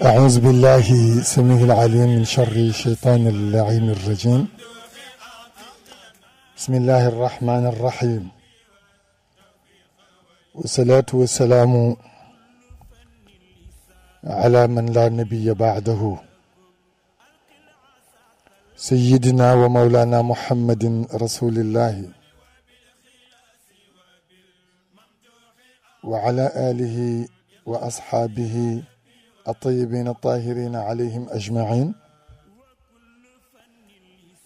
أعوذ بالله سميع العليم من شر شيطان اللعين الرجيم بسم الله الرحمن الرحيم والصلاة والسلام على من لا نبي بعده سيدنا ومولانا محمد رسول الله وعلى آله وأصحابه الطيبين الطاهرين عليهم أجمعين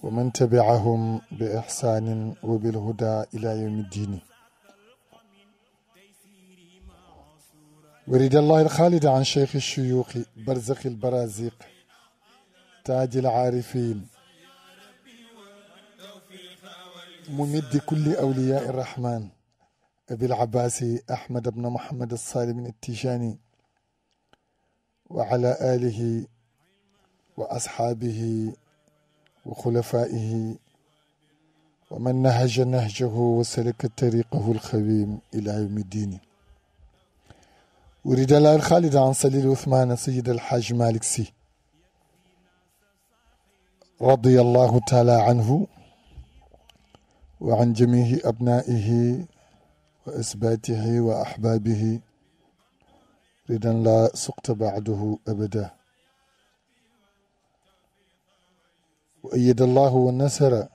ومن تبعهم بإحسان وبالهدى إلى يوم الدين ورد الله الخالد عن شيخ الشيوخ برزخ البرازيق تاج العارفين ممد كل أولياء الرحمن أبي العباس أحمد بن محمد الصالح بن التيجاني وعلى آله وأصحابه وخلفائه ومن نهج نهجه وسلك طريقه الخبيم إلى يوم الدين أريد الله الخالد عن سليل عثمان سيد الحاج مالك سي رضي الله تعالى عنه وعن جميع أبنائه وأسباته وأحبابه إذا لا سقط بعده أبدا وأيد الله ونسر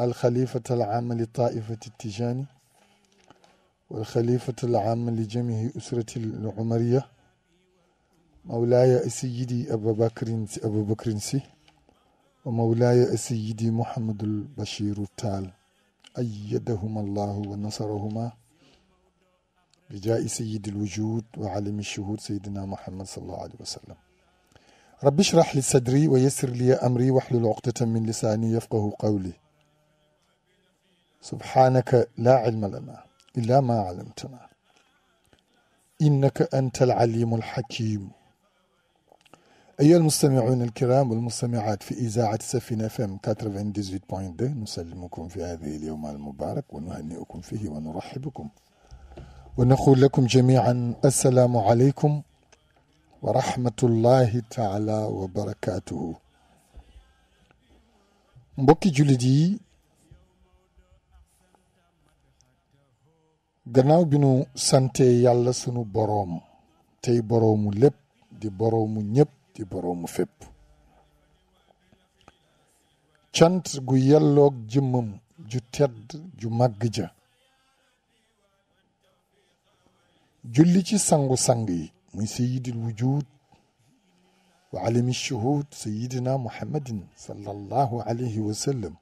الخليفة العام لطائفة التجاني والخليفة العام لجميع أسرة العمرية مولاي سيدي ابو بكر أبو بكر سي ومولاي سيدي محمد البشير التال أيدهما الله ونصرهما رجاء سيد الوجود وعالم الشهود سيدنا محمد صلى الله عليه وسلم رب اشرح لي صدري ويسر لي أمري واحلل عقدة من لساني يفقه قولي سبحانك لا علم لنا إلا ما علمتنا إنك أنت العليم الحكيم أيها المستمعون الكرام والمستمعات في إذاعة سفينة فم 98.2 نسلمكم في هذه اليوم المبارك ونهنئكم فيه ونرحبكم ونقول لكم جميعا السلام عليكم ورحمة الله تعالى وبركاته مبكي جلدي غناو بنو سانتي يالا سنو بروم تي بروم لب دي بروم نيب دي بروم فب تشانت جو يالوك جمم جو تد جو مجد. julli ci sangu sang yi muy sayidil wujud wa alami shuhud sayidina muhammadin sallallahu alayhi wa sallam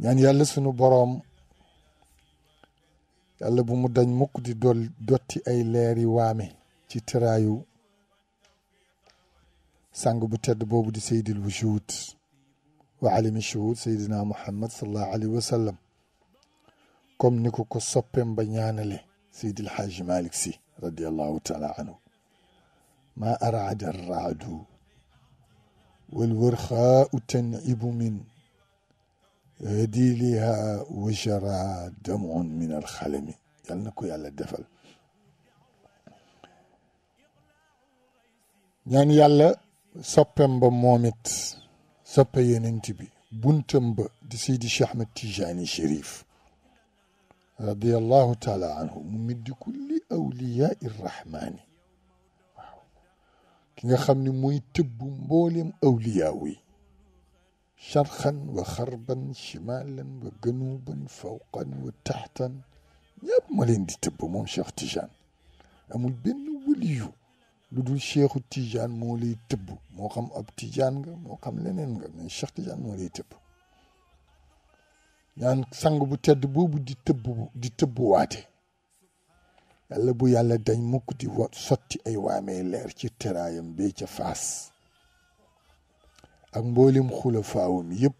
ñaan yàlla sunu boroom yàlla bu mu dañ mukk di dol dotti ay leeri waame ci tëraayu sang bu tedd boobu di saydil wujud wa alimi shuhud sayidina muhammad sallallahu alayhi wa sallam comme ni ko ko soppeem ba ñaanale سيد الحاج مالك سي رضي الله تعالى عنه ما أرعد الرعد والورخاء تنعب من هديلها وجرى دمع من الخلم يعني على الدفل يعني يلا سبم بموميت سبي ينتبي بنتم بسيدي شحمة تيجاني شريف رضي الله تعالى عنه ممد كل أولياء الرحمن كن يخمن ميتب مولم أولياوي شرخا وخربا شمالا وجنوبا فوقا وتحتا ياب مالين دي تبو مون شيخ تيجان أمو البن وليو لدو شيخ تيجان مولي تبو مو قم أب تيجان مو قم لنين من شيخ تيجان مولي تبو ñaan sangu bu tedd boobu di tëbb di tëbbuwaate yàlla bu yàlla dañ mukk di sotti ay waamee leer ci teraayam bee ca faas ak mboolim xulafaawam yëpp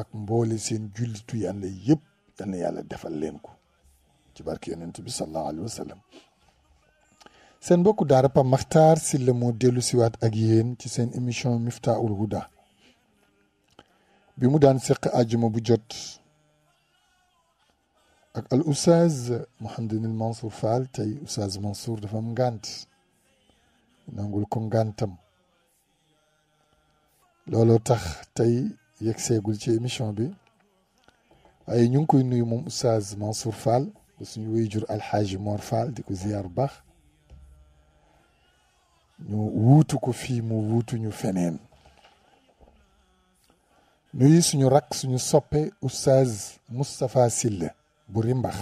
ak mboole seen jullitu yàlla yëpp yal na yàlla defal leen ko ci barke yonent bi sallallahu alayhi wa seen mbokku daara Pa Makhtar Sylla moo dellu siwaat ak yéen ci seen émission Miftahoul Houda bi mu daan seq àjjuma bu jot ak al oustaz Mouhamadinil Mansour Fall tey oustaz Mansour dafa am ngànt nangul ko ngàntam looloo tax tey yegg seegul ci émission bi waaye ñu ngi koy nuyu moom oustaz Mansour Fall ba suñu wéyjur alxaaji Mor Fall di ko ziyaar bu baax ñu wuutu ko fii mu wuutu ñu feneen nuyu suñu rakk suñu soppe oustaz Moustapha Sylla bu Rimbax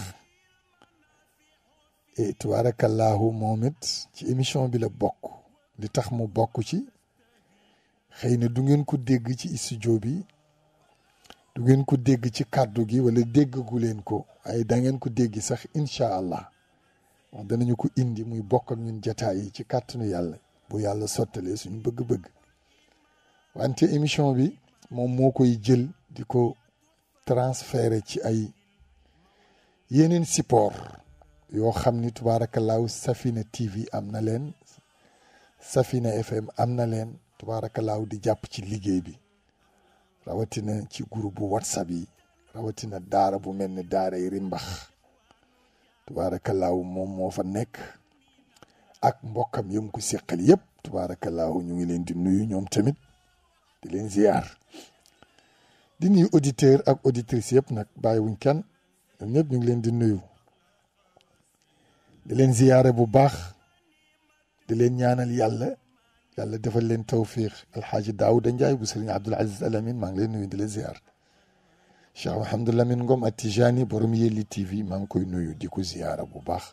e tubaarakallaahu moom it ci émission bi la bokk li tax mu bokk ci xëy na du ngeen ko dégg ci studio bi du ngeen ko dégg ci kàddu gi wala déggagu leen ko ay da ngeen ko dégg sax incha allah wax danañu ko indi muy bokk ñun jataay yi ci kàttanu yàlla bu yàlla sottalee suñu bëgg-bëgg wante émission bi moom moo koy jël di ko transféré ci ay yeneen support yoo xam ni tubaarakallaahu Safina TV am na leen Safina FM am na leen tubaarakallaahu di jàpp ci liggéey bi rawatina ci groupe bu whatsapp yi rawatina daara bu mel ni daara yi rimbax tubaarakallaahu moom moo fa nekk ak mbokkam yëm ko seqal yëpp tubaarakallaahu ñu ngi leen di nuyu ñoom tamit di leen ziyaar di nuyu auditeur ak auditrice yëpp nag bàyyiwuñ kenn ñoom ñëpp ñu ngi leen di nuyu di leen ziyaare bu baax di leen ñaanal yàlla yàlla defal leen tawfiq alxaaji daawuda njaay bu sëriñ abdul aziz al amin maa ngi leen nuyu di leen ziyaar cheikh mahamadou lamin ngom at tijani borom yelli tv maa ngi koy nuyu di ko ziyaara bu baax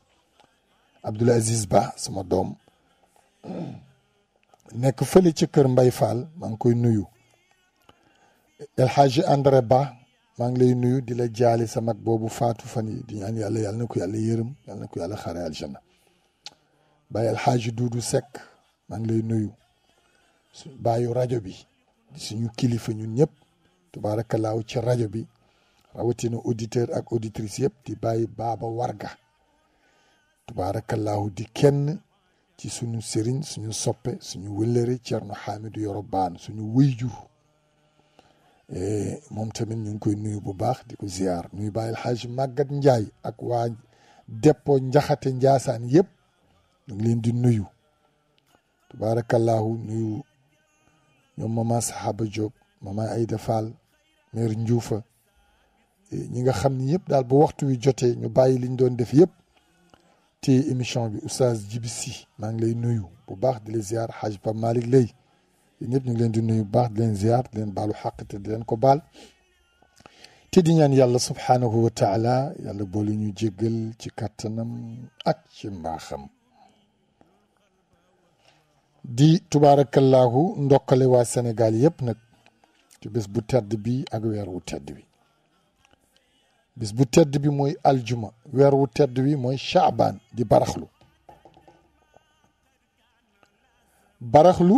abdul aziz ba sama doom nekk fële ci kër mbay faal maa ngi koy nuyu El Hadj André Ba maa ngi lay nuyu di la jaali sa mag boobu faatu fan yi di ñaan yàlla yàlla na ko yàlla yërëm yàlla na ko yàlla xare aljanna Baye El xaaj Doudou sekk maa ngi lay nuyu su bàyyu rajo bi suñu kilifa ñun ñëpp tubaarakallaaw ci rajo bi rawatina auditeur ak auditrice yëpp di bàyyi baaba warga tubaarakallaahu di kenn ci suñu sëriñ suñu soppe suñu wëllëre Cerno Hamidou Yoro Baan suñu wëyjur Eh, moom tamit ñu ngi koy nuyu bu baax di ko ziar nuyu bàyyil xaaj màggat njaay ak waa déppo njaxate njaasaan yëpp ñu ngi leen di nuyu tubaarakallaahu nuyu ñoom mama sahaba Diop mama Aida Fall mère Ndioufa eh, ñi nga xam ni yëpp daal bu waxtu wi jotee ñu bàyyi liñ doon def yëpp te émission bi oustaz Djibi maa ngi lay nuyu bu baax di la ziar xaaj Pape Malick Lay yéen ñu ngi leen di nuyu baax di leen ziar di leen baalu xàq te di leen ko baal te di ñaan yàlla subhaanahu wa taala yàlla boole ñu jéggal ci kàttanam ak ci mbaaxam di tubaarakallaahu ndokkale waa Sénégal yépp nag ci bés bu tedd bi ak weer wu tedd bi bis bu tedd bi mooy aljuma weer wu tedd wi mooy caabaan di baraxlu baraxlu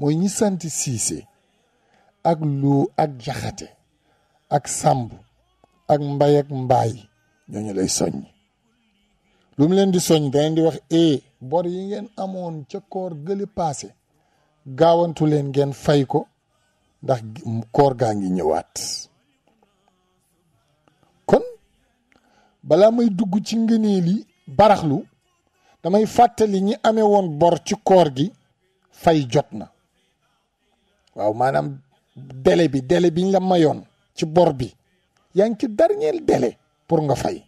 mooy ñi sant siise ak lu ak jaxate ak sàmb ak mbay ak mbaay ñooñu lay soññ lu mu leen di soññ daleen di wax eh, bor yi ngeen amoon ca koor gëli paase gaawantu leen ngeen fay ko ndax koor gaa ngi ñëwaat kon balaa may dugg ci ngëneel yi baraxlu damay fàttali ñi amee woon bor ci koor gi fay jot na waaw maanaam délai bi délai biñ la mayoon ci bor bi yaa ngi ci dernier délai pour nga fay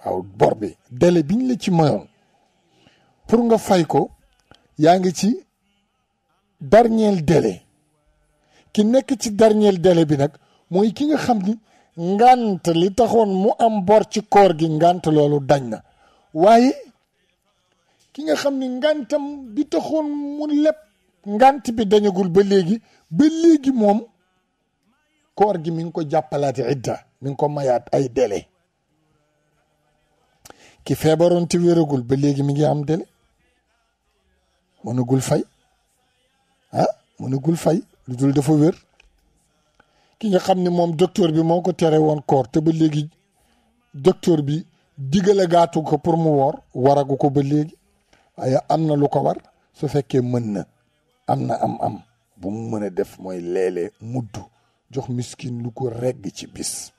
waaw bor bi délai biñ la ci mayoon pour nga fay ko yaa ngi ci dernier délai ki nekk ci dernier délai bi nag mooy ki nga xam ni ngant li taxoon mu am bor ci koor gi ngant loolu dañ na waaye ki nga xam ni ngantam bi taxoon mu lepp ngant bi dañagul ba léegi ba léegi moom koor gi mi ngi ko jàppalaati idda mi ngi ko mayaat ay dele ki feebaroon te wéragul ba léegi mi ngi am délai mënagul fay ah mënagul fay lu dul dafa wér ki nga xam ni moom docteur bi moo ko tere woon koor te ba léegi docteur bi digale gaatu ko pour mu woor waragu ko ba léegi waaye am na lu ko war su fekkee mën na am na am am bu mu mën def mooy léeg mudd jox miskin lu ko regg ci bis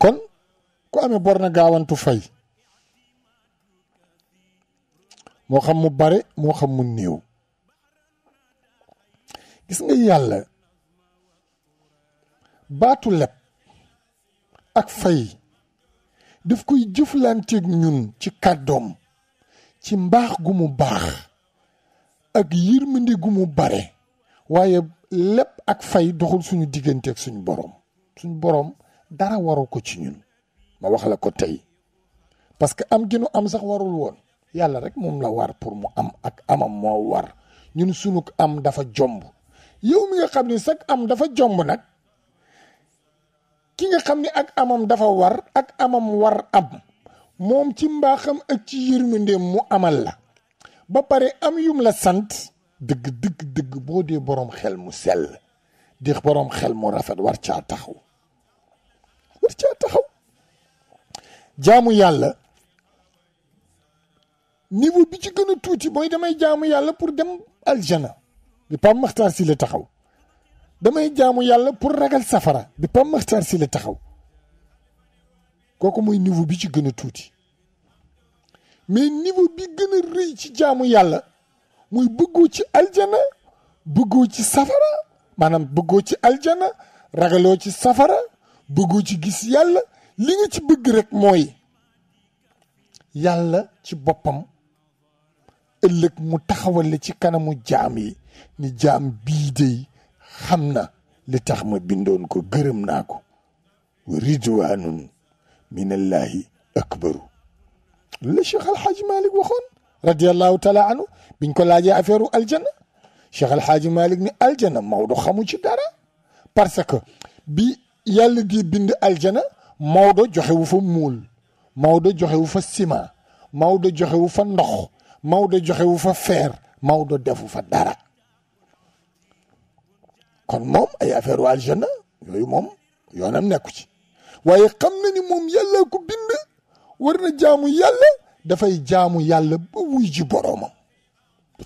kon ku ame bor na gaawantu fay moo xam mu bare moo xam mu néew gis nga yàlla baatu leb ak fay daf koy jëflanteeg ñun ci kàddoom ci mbaax gu mu baax ak yërmande gu mu bare waaye lépp ak fay doxul suñu diggante ak suñu borom suñu borom dara waru ko ci ñun ma wax la ko tey parce que am gi am sax warul woon yàlla rek moom la war pour mu am ak amam moo war ñun suñu am dafa jomb yow mi nga xam ni sax am dafa jomb nag ki nga xam ni ak amam dafa war ak amam war am moom ci mbaaxam ak ci yërmandeem mu amal la ba pare am yum la sant deug deug deug bo de borom xel mu sel di borom xel mu rafet war caa taxaw war caa taxaw jaamu yàlla niveau bi ci gëna a tuuti mooy damay jaamu yàlla pour dem aljana bi maxtar Makhtar le taxaw damay jaamu yàlla pour ragal safara bi maxtar Makhtar le taxaw koku moy niveau bi ci gëna tuuti mais niveau bi gën a rëy ci jaamu yàlla muy bëggoo ci aljana bëggoo ci safara maanaam bëggoo ci aljana ragaloo ci safara bëggoo ci gis yàlla li nga ci bëgg rek mooy yàlla ci boppam ëllëg mu taxawal ci kanamu jaam yi ni jaam bii dey xam na li tax ma bindoon ko gërëm naa ko wa ridwaanun minallahi akbaru la Cheikh Al Hadj Malick waxoon radiyallahu taala anhu biñ ko laajee affaire u aljana Cheikh Al Hadj Malick ni aljana Maodo xamu ci dara parce que bi yàlla di bind aljana Maodo joxe wu fa muul Maodo joxe wu fa ciment Maodo joxe wu fa ndox Maodo joxe wu fa fer Maodo defu fa dara kon moom ay affaire u aljana yooyu moom yoonam nekku ci waaye xam na ni moom yàlla ko bind. ورنا جامو يالا دا فاي جامو يالا بويجي بروما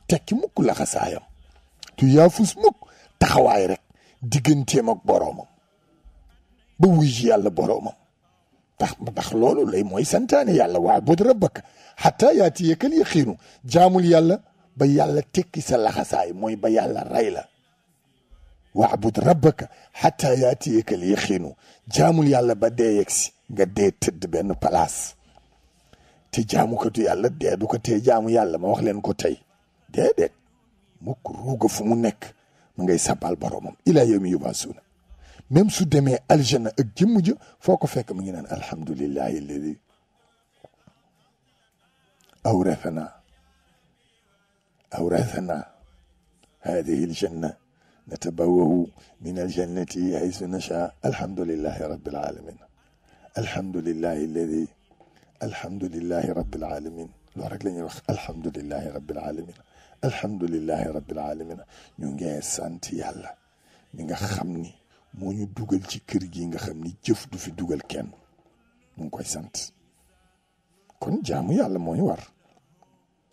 تكي موك لا خسايا تو يافوس موك تخواي رك ديغنتي موك بروما بويجي يالا بروما تخ تخ لولو لي موي سنتاني يالا وا بود ربك حتى ياتي يكل يخينو جامو يالا با يالا تكي سا لا خساي موي با يالا رايلا واعبد ربك حتى ياتيك اليقين جامل يالا بدايكس قد تد بين بلاص te jaamukatu yàlla dee du ko tee jaamu yàlla ma wax leen ko tey déedéet mukk ruuga fu mu nekk mu ngay sabal boromam ilaa yow mi yubaasuuna même su demee aljanna ak jëmm ja foo ko fekk mu ngi naan alhamdulillahi alladi awrathana awrathana hadihi aljanna نتبوأ من الجنة حيث نشاء الحمد لله رب العالمين الحمد لله الذي alhamdulillahi rabbil alamin loolu rek la ñuy wax alhamdulillahi rabbil alamin alhamdulillahi rabbil alamin ñu ngi sant yàlla mi nga xam ni moo ñu dugal ci kër gi nga xam ni jëf du fi dugal kenn ñu ngi koy sant kon jaamu yàlla moo ñu war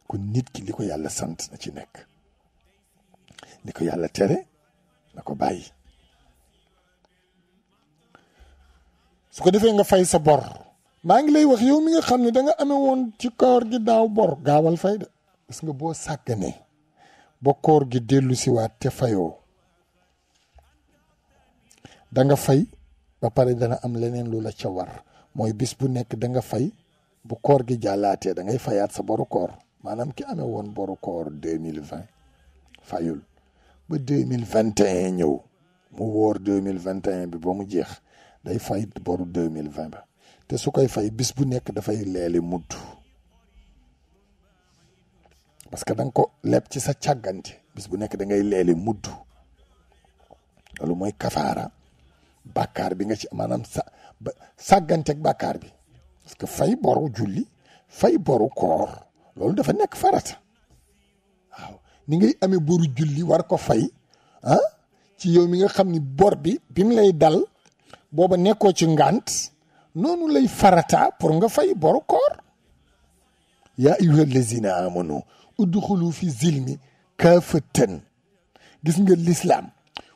kon nit ki li ko yàlla sant na ci nekk li ko yàlla tere na ko bàyyi su ko defee nga fay sa bor maa ngi lay wax yow mi nga xam ne da nga amee woon ci koor gi daaw bor gaawal fay de gis nga boo sàgganee ba koor gi dellu siwaat te fayoo da nga fay ba pare dana am leneen lu la ca war mooy bis bu nekk da nga fay bu koor gi jàllaatee da ngay fayaat sa boru koor maanaam ki amee woon boru koor deux mille fayul ba deux mille vingt ñëw mu wóor deux mille vingt et bi ba mu jeex day fay boru deux mille vingt ba te su koy fay bis bu nekk dafay leeli mudd parce que da ko leb ci sa càggante bis bu nekk da ngay leeli mudd loolu mooy kafaara bàkkaar bi nga ci maanaam sa ba sàgganteeg bàkkaar bi parce que fay boru julli fay boru koor loolu dafa nekk farata waaw ni ngay amee boru julli war ko fay ah, ci yow mi nga xam ni bor bi bi mu lay dal booba nekkoo ci ngant noonu lay farata pour nga fay boru koor yaa ayyuha allazina amanu udxulu fi zilmi kaafatan gis nga lislaam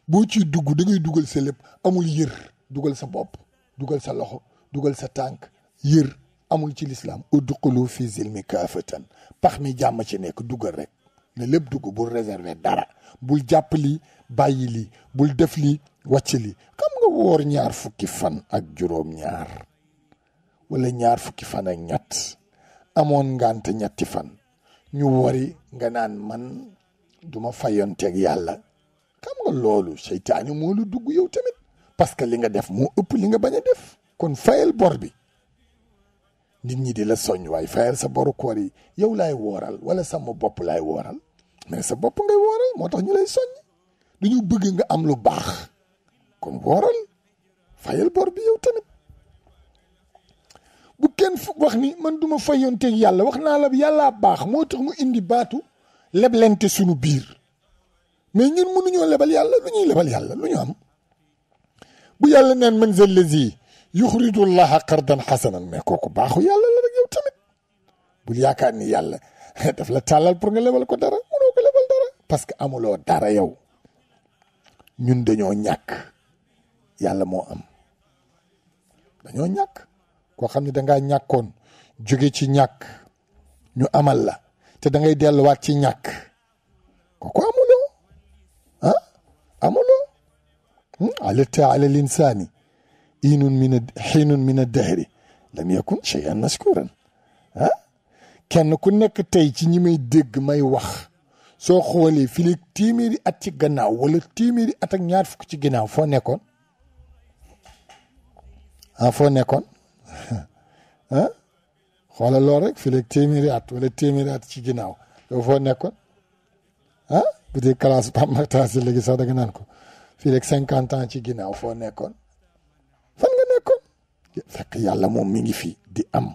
boo ciy dugg da ngay dugal sa lépp amul yër dugal sa bopp dugal sa loxo dugal sa tànk yér amul ci lislaam udxulu fi zilmi kaafatan pax mi jàmm ci nekk dugal rek ne lépp dugg bul réserver dara bul jàpp lii bàyyi li bul def li wacc li xam nga woor ñaar fukki fan ak juróom-ñaar wala ñaar fukki fan ak ñett amoon ngante ñetti fan ñu wori nga naan man duma fayonteeg yàlla xam nga loolu seytaane moo lu dugg yow tamit parce que li nga def moo ëpp li nga bañ def kon fayal bor bi nit ñi di la soñ waaye fayal sa boru koor yow lay wooral wala sama bopp lay wooral mais sa bopp ngay wooral moo ñu lay ñu bëgg nga am lu baax kon wooral fayal bor bi yow tamit bu kenn wax ni man duma yoon fayoonteeg yàlla wax naa la yàllaa baax moo tax mu indi baatu leblente sunu biir mais ñun mënuñoo lebal yàlla lu ñuy lebal yàlla lu ñu am bu yàlla neen man zal lazi yuxridu llaha qardan xasanan mais kooku baaxu yàlla la rek yow tamit bul yaakaar ni yàlla daf la tàllal pour nga lebal ko dara mënoo ko lebal dara parce que amuloo dara yow ñun dañoo ñàkk yàlla moo am dañoo ñàkk koo xam ne dangaa ñàkkoon jóge ci ñàkk ñu amal la te dangay ngay delluwaat ci ñàkk kooku amuloo ah amuloo alatta hmm, ala linsaani inun min a xiinun min a dahri lam yakun cheyan maskuran ah kenn ku nekk tey ci ñi may dégg may wax soo xoolee fii téeméeri at ci gannaaw wala téeméeri at ak ñaar fukk ci gannaaw foo nekkoon ah foo nekkoon ah xoolal lool rek fii téeméeri at wala téeméeri at ci gannaaw foo nekkoon ah bu dee classe PAM ak classe léegi sax da naan ko fii rek cinquante ans ci ginnaaw foo nekkoon fan nga nekkoon. fekk yàlla moom mi ngi fii di am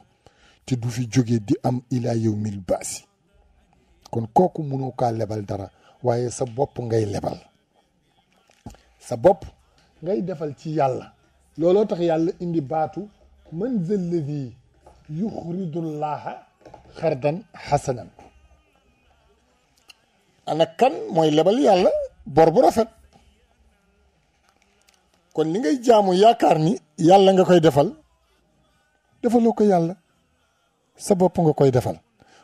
ti du fi jógee di am ilaa yow mil baasi. kon kooku mënoo kaa lebal dara waaye sa bopp ngay lebal sa bopp ngay defal ci yàlla looloo tax yàlla indi baatu man zalladi yuxridullaaha xardan xasanan ana kan mooy lebal yàlla bor bu rafet kon li ngay jaamu yaakaar ni yàlla nga koy defal defaloo ko yàlla sa bopp nga koy defal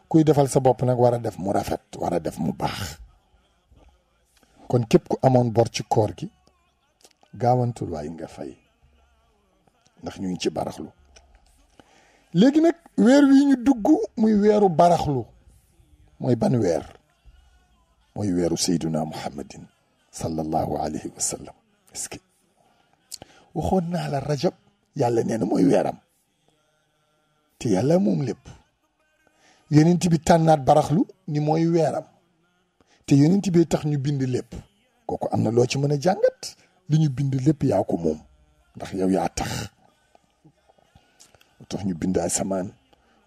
kuy defal sa bopp nag war a def mu rafet war a def mu baax kon képp ku amoon bor ci koor gi gaawantul waaye nga fay ndax ñu ngi ci baraxlu léegi nag weer wi ñu dugg muy weeru baraxlu mooy ban weer mooy weeru sayduna muhammadin sallallahu alayhi wa sallam est-ce que waxoon naa la rajab yàlla nee na mooy weeram te yàlla moom lépp yonent bi tànnaat baraxlu ni mooy weeram te yonent bi tax ñu bind lépp kooku am na loo ci mën a jàngat li ñu bind lépp yaa ko moom ndax yow yaa tax moo tax ñu bind asamaan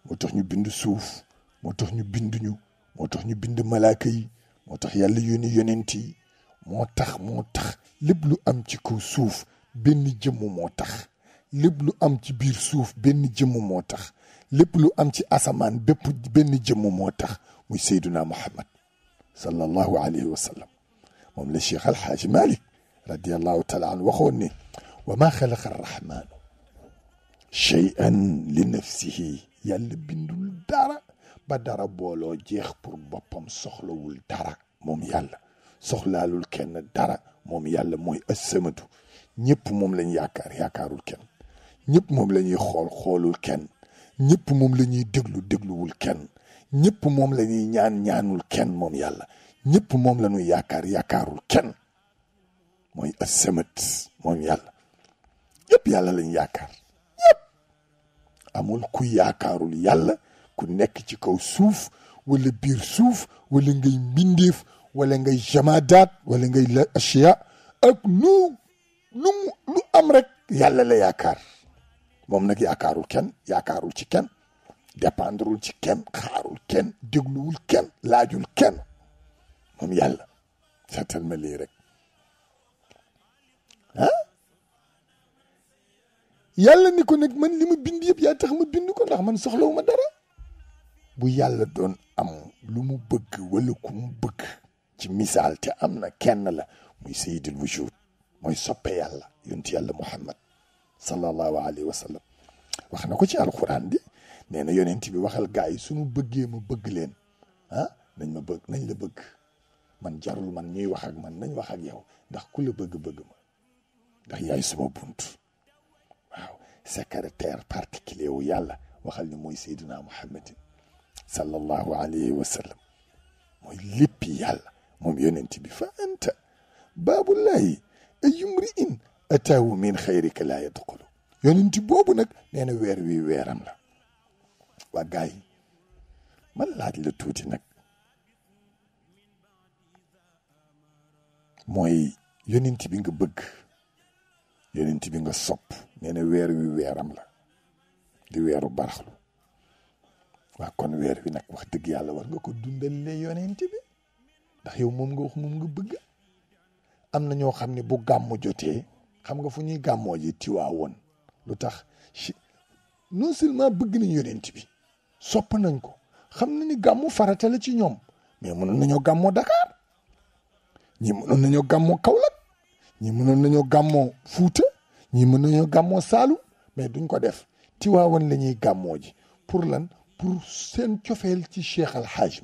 moo tax ñu bind suuf moo tax ñu bind ñu moo tax ñu bind malaaka yi moo tax yàlla yónni yonent yi moo tax moo tax lépp lu am ci kaw suuf benn jëmm moo tax lépp lu am ci biir suuf benn jëmm moo tax lépp lu am ci asamaan bépp benn jëmm moo tax muy Seyduna Muhammad sallallahu alayhi wa sallam moom la Cheikh Alxaaji Malik radiallahu taala anhu waxoon ne wa maa xalaqa arrahmaanu cheyan li nafsihi yàlla bindul dara ba dara booloo jeex pour boppam soxlawul dara moom yàlla soxlaalul kenn dara moom yàlla mooy assamatu ñëpp moom lañ yaakaar yaakaarul kenn ñëpp moom la ñuy xool kenn ñëpp moom lañuy ñuy déglu dégluwul kenn ñëpp moom la ñuy ñaan ñaanul kenn moom yàlla ñëpp moom la ñuy yaakaar yaakaarul kenn mooy asemet moom yàlla ñëpp yàlla lañ yaakaar ñëpp amul ku yaakaarul yàlla ku nekk ci kaw suuf wala biir suuf wala ngay mbindeef wala ngay jamaadaat wala ngay la ashiya ak lu lu am rek yàlla la yaakaar mom nak yakarul ken yakarul ci ken dépendreul ci ken xarul ken degluul ken lajul ken mom yàlla seetal ma li rek ah yàlla ni ko nak man limu bind yeb ya tax ma bind ko ndax man soxlawuma dara bu yàlla don am lu mu bëgg wala ku mu bëgg ci misal te amna na kenn la muy sayyidul wujud moy soppe yàlla yunt yàlla muhammad sallallahu alayhi wa wax na ko ci alquran di nee na yonent bi waxal gars yi suñu bëggee ma bëgg leen ah nañ ma bëgg nañ la bëgg man jarul man ñuy wax ak man nañ wax ak yow ndax ku la bëgg bëgg ma ndax yaay suma bunt waaw secrétaire particulier wu yàlla waxal ni mooy Seydina Muhammadin sallallahu alayhi wa mooy léppi yàlla moom yonent bi fa anta baabullahi ayumri in ataahu min xayrika laa yadxulu yonent boobu nag nee na weer wi weeram la waa gars yi man laaj la tuuti nag mooy yonent bi nga bëgg yonent bi nga sopp nee na weer wi weeram la di weeru baraxlu waa kon weer wi nag wax dëgg yàlla war nga ko dundalle yonent bi ndax yow moom nga wax moom nga bëgg am na ñoo xam ne bu gàmmu jotee xam nga fu ñuy gàmmoo ji tiwaawoon lu tax non seulement bëgg nañ yonent bi sopp nañ ko xam nañu ni gàmmu farata ci ñoom mais mënoon nañoo gàmmoo Dakar ñi mënoon nañoo gàmmoo Kaolack ñi mënoon nañoo gàmmoo Fuuta ñi mën nañoo gàmmoo Saalum mais duñ ko def tiwaawoon la ñuy gàmmoo ji pour lan pour seen cofeel ci Cheikh Al Hadj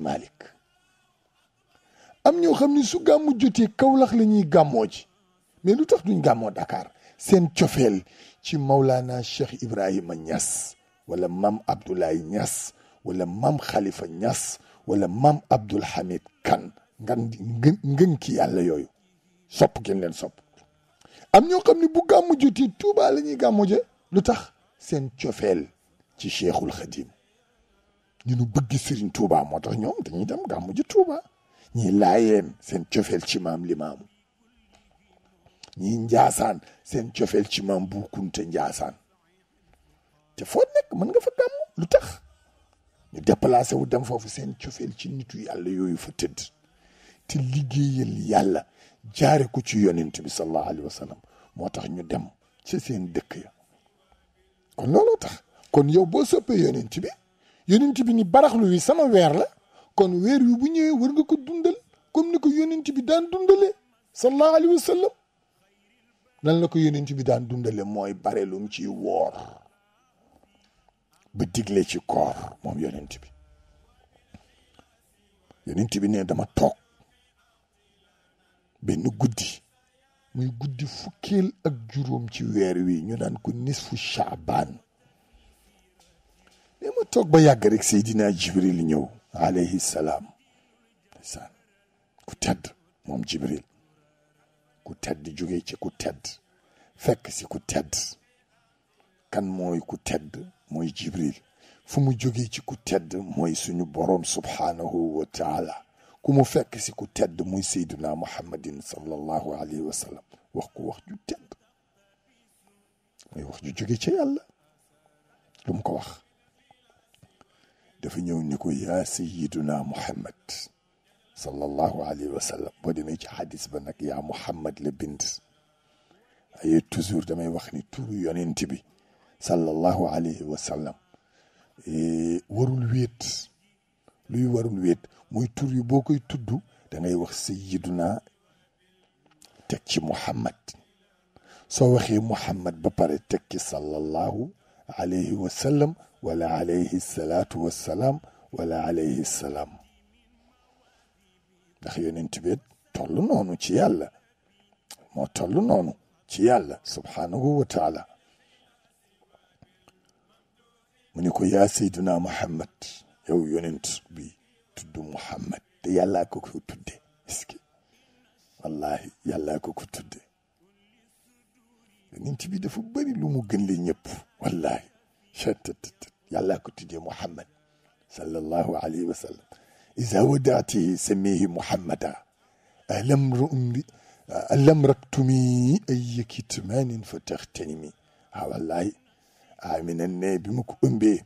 am ñoo xam ni su gàmmu jotee Kaolack lañuy gàmmoo ji mais lu tax duñ gàmmoo Dakar seen cofeel ci Maulana Cheikh Ibrahima Niass wala mam Abdoulaye Niass wala mam Khalifa Niass wala mam Abdoul Hamid Kane ngan ngën ki yàlla yooyu sopp gën leen sopp am ñoo xam ne bu gàmmu joti Tuubaa la ñuy gàmmu je lu tax seen cofeel ci Cheikhul Khadim ñu nu bëgg Serigne Touba moo tax ñoom dañuy dem gàmmu ji Touba ñi laayeen seen cofeel ci maam li ñi njaasaan seen cofeel ci maam bu kunta njaasaan te foo nekk mën nga fa gàmm lu tax ñu déplacé wu dem foofu seen cofeel ci nitu yàlla yooyu fa tëdd te liggéeyal yàlla jaare ko ci yonent bi sallallahu alayhi moo tax ñu dem ci seen dëkk ya kon looloo tax kon yow boo soppee yonent bi yonent bi ni baraxlu wi sama weer la kon weer wi bu ñëwee war nga ko dundal comme ni ko yonent bi daan dundalee sallallahu alayhi lan la ko yonent bi daan dundale mooy barelum ci woor ba digle ci koor moom yonent bi yonent bi ne dama toog benn guddi muy guddi fukkeel ak juróom ci weer wi ñu naan ko nisfu shaabaan ma toog ba yàgg rek Seydina Jibril ñëw alayhi salaam ku tedd moom Jibril ku tedd jóge ci ku tedd fekk si ku tedd kan mooy ku tedd mooy jibril fu mu jóge ci ku tedd mooy suñu boroom subhaanahu wa ku mu fekk si ku tedd muy seyduna muhammadin sallallahu alayhi wa wax ko wax ju tedd mooy wax ju jóge ci yàlla lu mu ko wax dafa ñëw ni ko yaa sayyiduna muhammad صلى الله عليه وسلم بودي مي حديث بنك يا محمد لبنت اي توزور داماي واخني تور يونتي بي صلى الله عليه وسلم اي ورول ويت لوي ورول ويت موي تور يو بوكاي تودو داناي واخ سيدنا تك محمد سو وخي محمد با بار تك صلى الله عليه وسلم ولا عليه الصلاه والسلام ولا عليه السلام ndax yonent bi toll noonu ci yàlla moo toll noonu ci yàlla subhaanahu wa mu ni ko yaa sayduna muhammad yow yonent bi tudd muhammad te yàllaa ko ko tudde est-ce wallahi yàllaa ko ko tudde yonent bi dafa bëri lu mu gën le ñëpp wallahi chettt yàllaa ko tuddee muhammad sallallahu alayhi wa إذا ودعت سميه محمدا ألم ربتمي أي كتمان فتغتنمي ها والله aminan ne bi ma ko ëmbee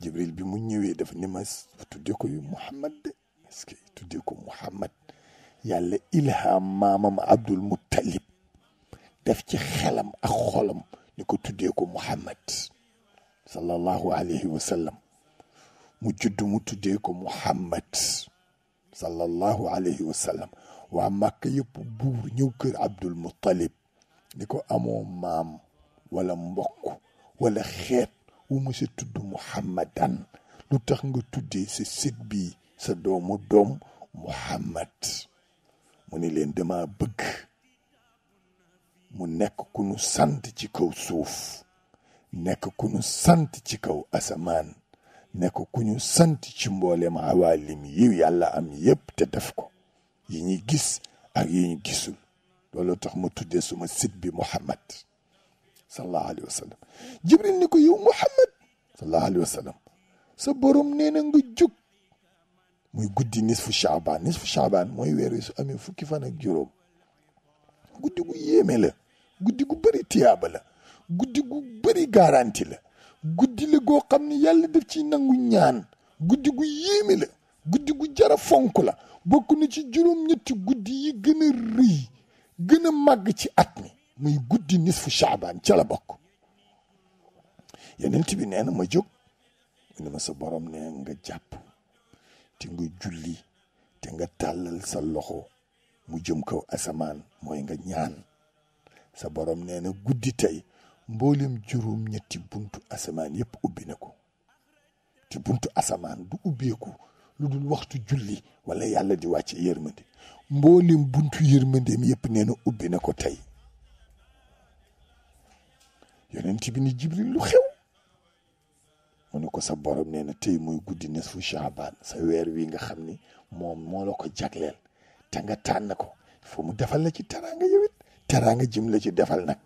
jibril bi mu ñëwee dafa ni ma tudde ko yu muhammad de parce que tudde ko muhammad yàlla ilham maamam abdul muttalib def ci xelam ak xolam ni ko tuddee ko muhammad sallallahu alayhi wa sallam mu judd mu tuddee ko muhammad sallallahu alayhi wa sallam waa màkk yëpp buur ñëw kër abdul muttalib ni ko amoo maam wala mbokk wala xeet wu mu sa tudd muhammadan lu tax nga tuddee sa sit bi sa doomu doom muhammad mu ni leen dama bëgg mu nekk ku nu sant ci kaw suuf nekk ku nu sant ci kaw asamaan ne ku ñu sant ci mboolem awaalim yiw yàlla am yépp te def ko yi ñu gis ak yi ñu gisul loolu tax ma tuddee suma sit bi Muhammad sallallahu alayhi wa sallam Jibril ni ko yow Muhammad sallallahu alayhi wa sallam sa borom nee na nga jug muy guddi nisfu Chaabaan nisfu Chaabaan mooy weer su amee fukki fan ak juróom guddi gu yéeme la guddi gu bëri tiyaaba la guddi gu bari garanti la guddi la goo xam ni yàlla def ci nangu ñaan guddi gu yéeme guddi gu jara fonk la bokk na ci juróom-ñetti guddi yi gën a rëy gën a màgg ci at mi muy guddi nisfu Shaabaan ca la bokk yeneen bi neen ma jóg mu ne ma sa borom ne nga jàpp te nga julli te nga tàllal sa loxo mu jëm kaw asamaan mooy nga ñaan sa borom neen na guddi tey mboolem juróom-ñetti buntu asamaan yépp ubbi na ko te buntu asamaan du ubbeeku lu dul waxtu julli wala yàlla di wàcce yërmande mboolem buntu yërmandeem yépp nee na ubbi na ko tey yonent bi ni jibril lu xew mu ne ko sa borom nee na tey mooy guddi nisfu Shaaban sa weer wi nga xam ni moom moo la ko jagleel te nga tànn ko fa mu defal la ci teraanga yow it teraanga jëm la ci defal nag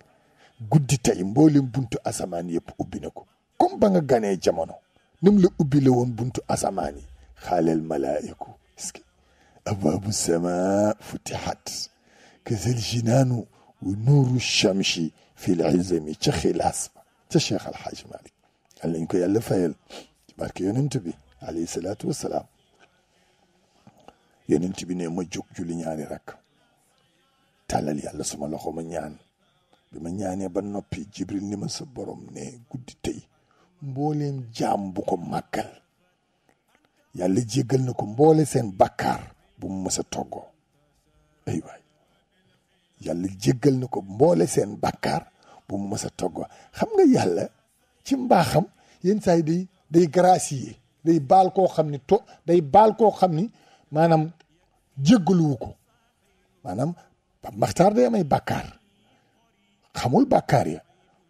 gudi tay mbolim buntu asaman yep ubinako na ba nga gané jamono nim la ubbi la woon buntu asamaan yi xaaleel malaa'iku iski ababu sama futihat kazal jinanu wa nuru shamshi fi al-izmi cha khilas cha sheikh al-haj malik yal nañ ko yàlla fayal barke yonent bi alayhi salaatu wasalaam yonent bi ne ma jóg julli ñaari rak talal yàlla suma loxo ma ñaan bi ma ñaanee ba noppi jibril ni ma sa borom ne guddi tey mbooleem jaam bu ko màggal yàlla jéggal na ko mboole seen bàkkaar bu mu mës a toggoo ay waay yàlla na ko mboole seen bàkkaar bu mu mës a toggoo xam nga yàlla ci mbaaxam yenn saa yi day day gracier day baal koo xam ni to day baal koo xam ni maanaam jéggaluwu ko maanaam ba maxtaar day amay bàkkaar xamul bakkaar ya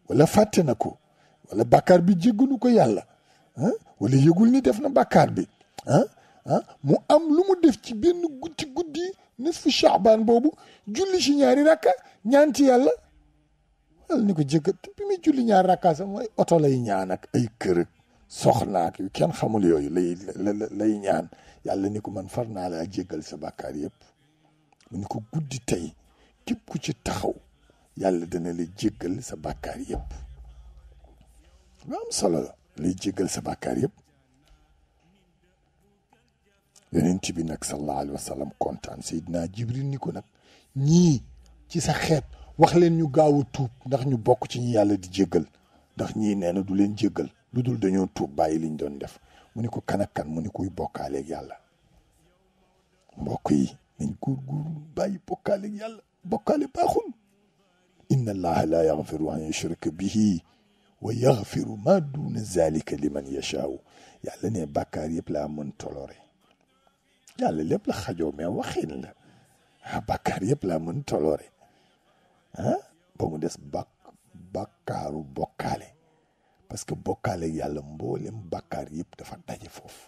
wala fàtte na ko wala bàkkaar bi jéggalu ko yàlla ah wala yëgul ni def na bakkaar bi mu am lu mu def ci benn guddi guddi nisfu Shaaban boobu julli ci ñaari rakka ñaan ci yàlla ni ko jéggal te bi julli ñaari rakka sax mooy oto lay ñaan ak ay kër ak soxna ak yu kenn xamul yooyu lay ñaan yàlla ni ko man far naa laa jéggal sa bàkkaar yëpp mu ni ko guddi tey képp ku ci taxaw yàlla dana la jéggal sa bàkkaar yépp lu am solo la lay jéggal sa bàkkaar yëpp yonent bi nag sallallahu alayhi wa sallam kontaan Seydina Jibril ni ko nag ñii ci sa xeet wax leen ñu gaaw a tuub ndax ñu bokk ci ñi yàlla di jéggal ndax ñii nee na du leen jéggal lu dul dañoo tuub bàyyi liñ doon def mu ni ko kan ak kan mu ni kuy bokkaaleeg yàlla mbokk yi baaxul إن الله لا يغفر أن يشرك به ويغفر ما دون ذلك لمن يشاء yàlla ne bàkkaar yëpp laa mën tolore yàlla lépp la xajoo mais waxin la ah bàkkaar yëpp laa mën tolore ah ba mu des bàk bàkkaaru bokkaale parce que bokkaale yàlla mboolem bàkkaar yëpp dafa daje foofu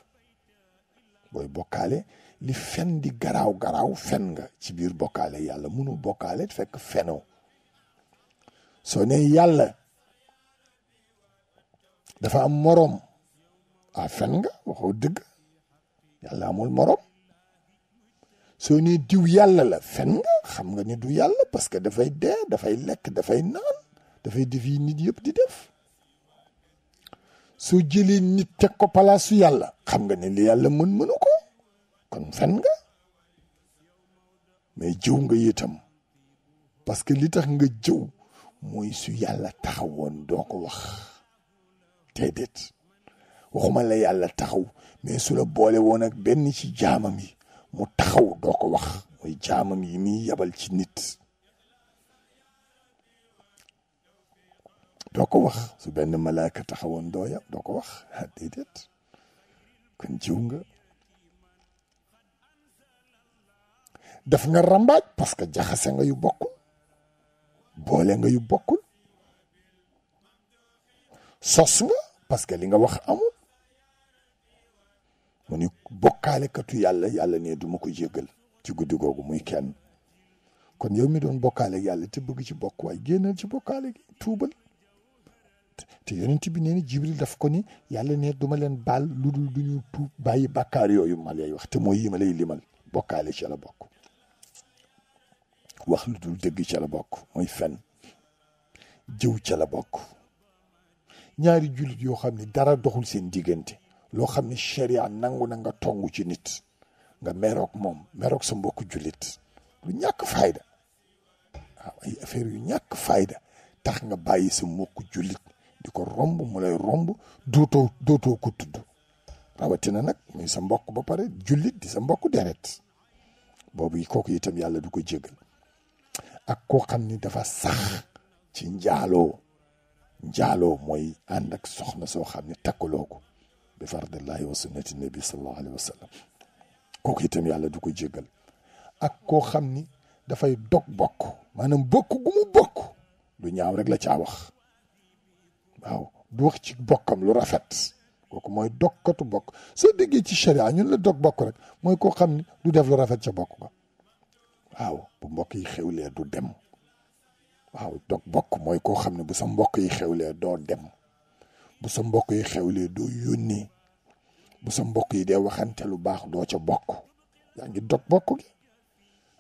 booy bokkaale li fen di garaaw garaaw fen nga ci biir bokkaale yàlla mënu bokkaale fekk fenoo soo nee yàlla dafa am moroom a ah, fen nga waxoo dëgg yàlla amul moroom soo ne diw yàlla la fen nga xam nga ni du yàlla parce que dafay dee dafay lekk dafay naan dafay def nit yëpp di def soo jëlee nit teg ko palaasu yàlla xam nga ni li yàlla mën mënu ko kon fen nga mais jëw nga itam parce que li tax nga jëw muy su yàlla taxaw woon doo ko wax déedéet waxuma la yàlla taxaw mais su la boole woon ak benn ci jaamam yi mu taxaw doo ko wax mooy jaamam yi muy yabal ci nit doo ko wax su benn malaaka taxawoon doo ya doo ko wax ah déedéet kon jiw nga def nga rambaaj parce que jaxase nga yu bokkul boole nga yu bokkul sos nga parce que li nga wax amul mu ni bokkaalekatu yàlla yàlla ne duma ma ko jégal ci guddi googu muy kenn kon yow mi doon bokkaale yàlla te bëgg ci bokk waaye génnal ci bokkaale gi tuubal te yonent bi nee na jibril daf ko ni yàlla ne duma leen baal lu dul du ñu tuub bàyyi bàkkaar yooyu ma yay wax te mooy yi ma lay limal bokkaale ci la bokk wax lu dul dégg ca la bokk mooy fen jëw ca la bokk ñaari jullit yoo xam ne dara doxul seen diggante loo xam ne sharia nangu na nga tongu ci nit nga sa mbokku jullit lu ñàkk fayda waaw ay yu ñàkk fayda tax nga bàyyi sa mbokku jullit di ko romb mu lay romb dootoo dootoo ko tudd rawatina nag muy sa mbokk ba pare jullit di sa mbokk deret boobu kooku itam yàlla du ko jégal ak ko xamni dafa sax ci njaalo njaalo moy ànd ak soxna so xamni takuloko bi fardillahi wa sunnati nabi sallallahu alayhi wasallam ko kooku itam yàlla du ko jegal ak ko xamni da fay dog bokk manam bokk gu mu bokk lu ñaaw rek la ci wax waaw du wax ci bokkam lu rafet kooku mooy dogkatu bokk so degge ci sharia ñun la dog bokk rek moy ko xamni du def lu rafet ci bokk ba waaw bu mbokk yi xewlee du dem waaw dog bokk mooy koo xam ne bu sa mbokk yi xewlee doo dem bu sa mbokk yi xewlee doo yónni bu sa mbokk yi dee waxante lu baax doo ca bokk yaa ngi dog bokk gi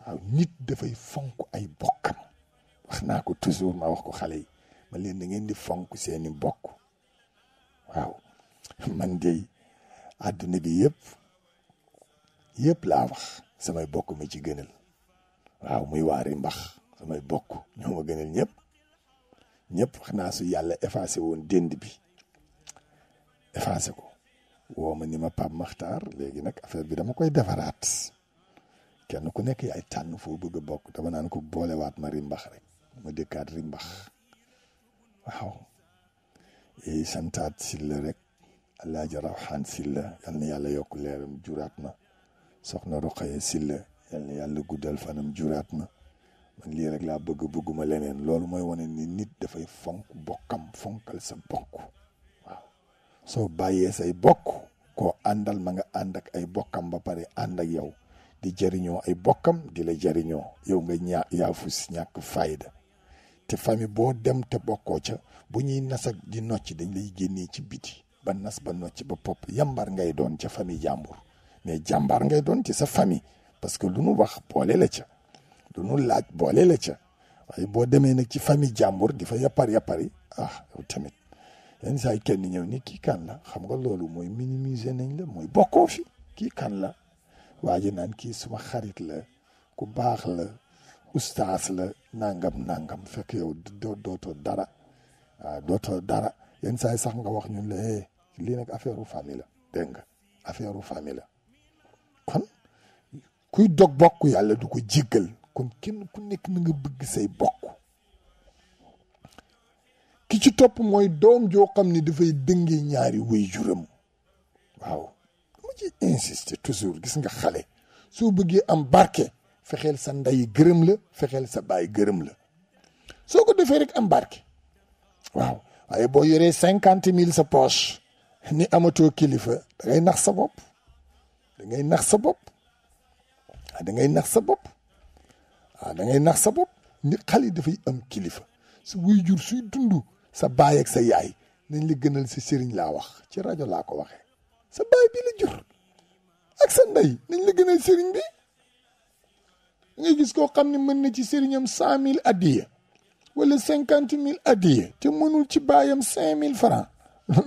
waaw nit dafay fonk ay bokkam wax naa ko toujours ma wax ko xale yi ma leen da ngeen di fonk seeni bokk waaw man dey àddina bi yëpp yëpp laa wax samay bokk ma ci gënal waaw muy waari mbax samay bokk ñoo ma gënal ñëpp ñëpp xanaa su yàlla effacé woon dënd bi effacé ko woo ma ni ma Pape Makhtar léegi nag affaire bi dama koy defaraat kenn ku nekk yaay tànn foo bëgg a bokk dama naan ko boolewaat ma rimbax rek ma dëkkaat rimbax waaw yi santaat silla rek alaaji rawxaan silla yal na yàlla yokk leeram juraat ma soxna Roqaye silla yal yàlla guddal fanam juraat na man lii rek laa bëgg bëgguma leneen loolu mooy wane ni nit dafay fonk bokkam fonkal sa bokk waaw soo bàyyee say bokk ko àndal ma nga ànd ak ay bokkam ba pare ànd ak yow di jëriñoo ay bokkam di la jëriñoo yow nga ñaa yaafus ñàkk fayda te famille boo dem te bokkoo ca bu ñuy nasak di nocc dañ lay génnee ci biti ba nas ba nocc ba pop yambar ngay doon ca famille jàmbur mais jàmbaar ngay doon ci sa famille parce que lu nu wax boole la ca lu nu laaj boole la ca waaye boo demee nag ci famille jàmbur di fa yappar yappari a ah, yow tamit yenn saa yi kenn ñëw ni kii kan la xam nga loolu mooy minimise nañ le mooy bokkoo fi kii kan la waa ji naan kii suma xarit la ku baax la ustaas la nangam nangam fekk yow doo dootoo dara waaw dootoo dara yenn saa yi sax nga wax ñun la eh, lii nag affaire u famille la dégg nga affaire u famille la kuy dog bokk yàlla du ko jéggal kon kenn ku nekk na nga bëgg say bokk ki ci topp mooy doom joo xam ne dafay dënge ñaari way juram waaw dama ci insister toujours gis nga xale soo bëggee am barke fexeel sa ndey gërëm la fexeel sa baay gërëm la soo ko defee rek am barke waaw waaye boo yoree cinquante mille sa poche ni amatoo kilifa dangay ngay nax sa bopp dangay ngay nax sa bopp ah da ngay nax sa bopp ah da nax sa bopp ni xale dafay am kilifa su wuy jur suy dund sa baay ak sa yaay nañ la gënal sa sëriñ laa wax ci rajo laa ko waxee sa baay bi la jur ak sa ndey nañ la gënal sëriñ bi nga gis koo xam ne mën na ci sëriñam cent mille addiya wala cinquante mille addiya te mënul ci baayam cinq mille francs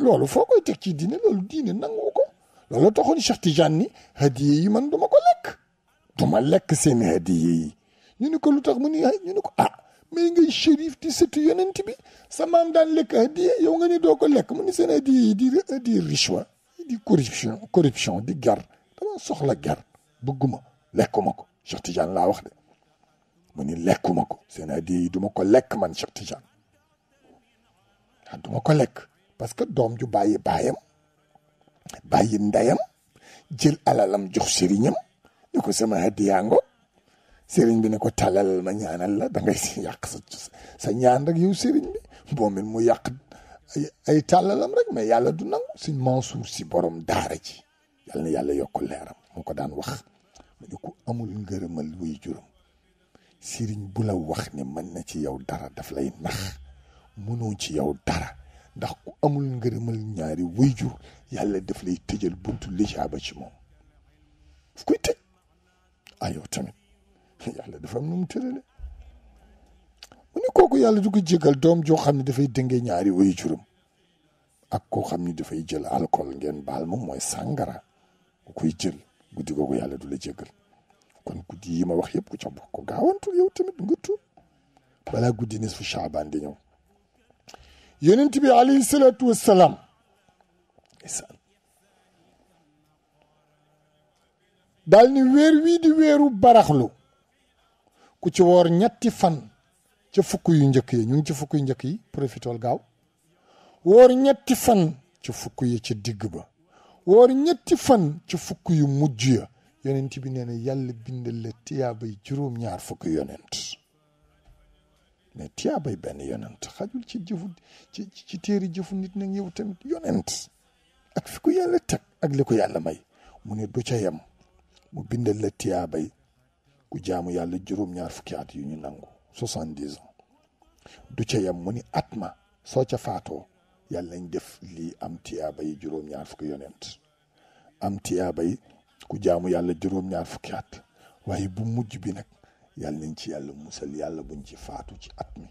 loolu foo koy teg ci diine loolu diine nangu ko loolu taxoon Cheikh Tidiane ni hadiya yi man duma ko lekk duma lekk seen hadiye yi ñu ni ko lu tax mu ni ñu ne ko ah mais ngay shérif di sëtu yonent bi sa maam daan lekk hadiye yow nga ni doo ko lekk mu ni seen hadiye yi di di richwa di corruption corruption di gar dama soxla gar bëgguma lekkuma ko Cheikh Tidiane laa wax de mu ni lekkuma ko seen hadiye yi duma ko lekk man Cheikh Tidiane ah, duma ko lekk parce que doom ju bàyyi baayam bàyyi ndayam jël alalam jox sëriñam ni sama hadi yango serigne bi ne ko talal ma ñaanal la da ngay ci yak sa sa ñaan rek yow serigne bi bo mel mu yak ay ay tàllalam rek mais yàlla du nang suñ mansour ci borom daara ci yàlla na yàlla yok leeram mu ko daan wax mu ne amul ngeureumal wuy juróom serigne bu la wax ne man na ci yow dara daf lay nax mënoo ci yow dara ndax ku amul ngeureumal ñaari wuy jur yàlla daf lay tejeul buntu lijaba ci mom fukuy tëj a ayoo tamit yàlla dafa am nu mu tërale mu ne kooku yàlla du ko doom joo xam ne dafay dëngee ñaari wayu juróom ak koo xam ne dafay jël alcool ngeen baal moom mooy sàngara ku koy jël guddi googu yàlla du la jégal kon guddi yi ma wax yëpp ku ca bokk ko gaawantul tamit nga tuub balaa guddi nis fu Chaabaan di ñëw yonent bi alayhi salaatu wassalaam daal ni weer wii di weeru baraxlu ku ci woor ñetti fan ca fukk yu njëkk yi ñu ngi ci fukk yu njëkk yi profitool gaaw woor ñetti fan ci fukk yi ba woor ñetti fan ci fukk yu mujj ya yonent bi nee na yàlla bindal la tiyaabay juróom-ñaar fukk yonent mais tiyaabay benn yonent xajul ci jëfu ci ci jëfu nit nag yow tamit yonent ak fi ko yàlla teg ak li ko yàlla may mu ne du ca yem mu bindal la tiyaabay ku jaamu yàlla juróom-ñaar fukki at yu ñu nangu soixante-dix ans du ca yam mu ni at ma soo ca faatoo yàlla nañ def lii am tiyaabay juróom-ñaar fukki yonent am ku jaamu yàlla juróom-ñaar fukki at waaye bu mujj bi nag yàlla nañ ci yàlla musal yàlla buñ ci faatu ci at mi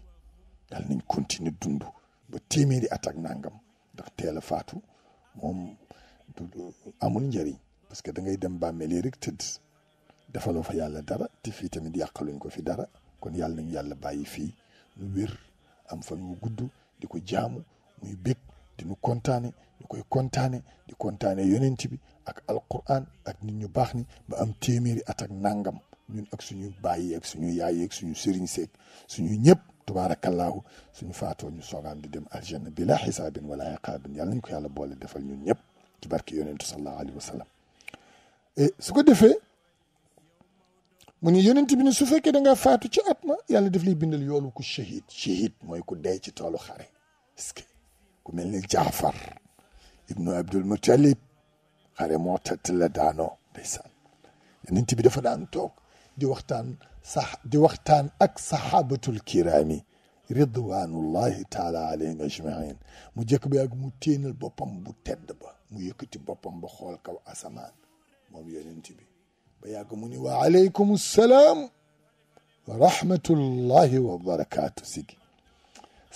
yàlla nañ continuer dund ba téeméeri at ak nangam ndax teel a faatu moom amul njëriñ parce que da ngay dem bàmmeel yi rek tëdd defaloo fa yàlla dara te fii tamit yàqaluñ ko fi dara kon yàlla nañu yàlla bàyyi fii ñu wér am fa ñu gudd di ko jaamu muy bég di nu kontaane ñu koy kontaane di kontaane yonent bi ak alquran ak nit ñu baax ni ba am téeméeri at ak nangam ñun ak suñu bàyyi ak suñu yaay ak suñu sëriñ seeg suñu ñëpp su suñu faatoo ñu soogaan di dem aljanna bila xisaabin wala iqaabin yàlla nañ ko yàlla boole defal ñun ñëpp ci barke yonentu sallallahu alayhi wa su ko defee mu ni yonent bi ne su fekkee da nga faatu ci at ma yàlla daf lay bindal yoolu ku shahid shahid mooy ku dee ci toolu xare est-ce que ku mel ni jaafar ibnu abdul mutalib xare moo tatt la daanoo ndeysaan yonent bi dafa daan toog di waxtaan sax di waxtaan ak saxaabatul kiraami ridwanullahi taala alayhim ajmain mu jëkk bi ak mu téenal boppam bu tedd ba mu yëkkati boppam ba xool kaw asamaan moom yonent bi ba yàgg mu ni waa aleykum salaam wa rahmatullahi wa barakaatu sigi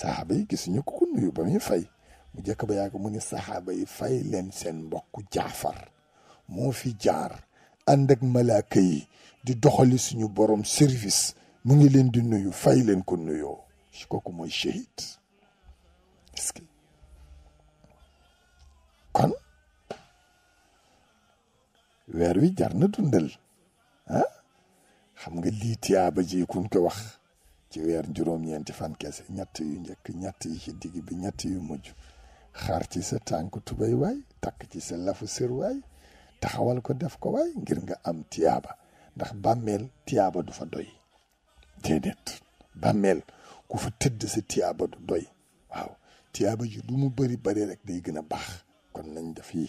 saxaaba yi gisuñu ko ku nuyu ba muy fay mu jëkk ba yàgg mu ni saxaaba yi fay leen seen mbokk jaafar moo fi jaar ànd ak malaaka yi di doxali suñu borom service mu ngi leen di nuyu fay leen ko nuyoo kooku mooy shahid weer wi jar na dundal ah xam nga lii tiyaaba ji kuñ ko wax ci weer juróom-ñeenti fan ñett yu njëkk ñett yi ci digg bi ñett yu mujj xaar ci sa tànk tubéy waay ci sa lafu sër taxawal ko def ko waay ngir nga am tiyaaba ndax bàmmeel tiyaaba du fa doy déedéet bàmmeel ku fa tëdd sa tiyaaba du doy waaw tiyaaba ji lu mu bari bari rek day gën a baax kon nañ def yi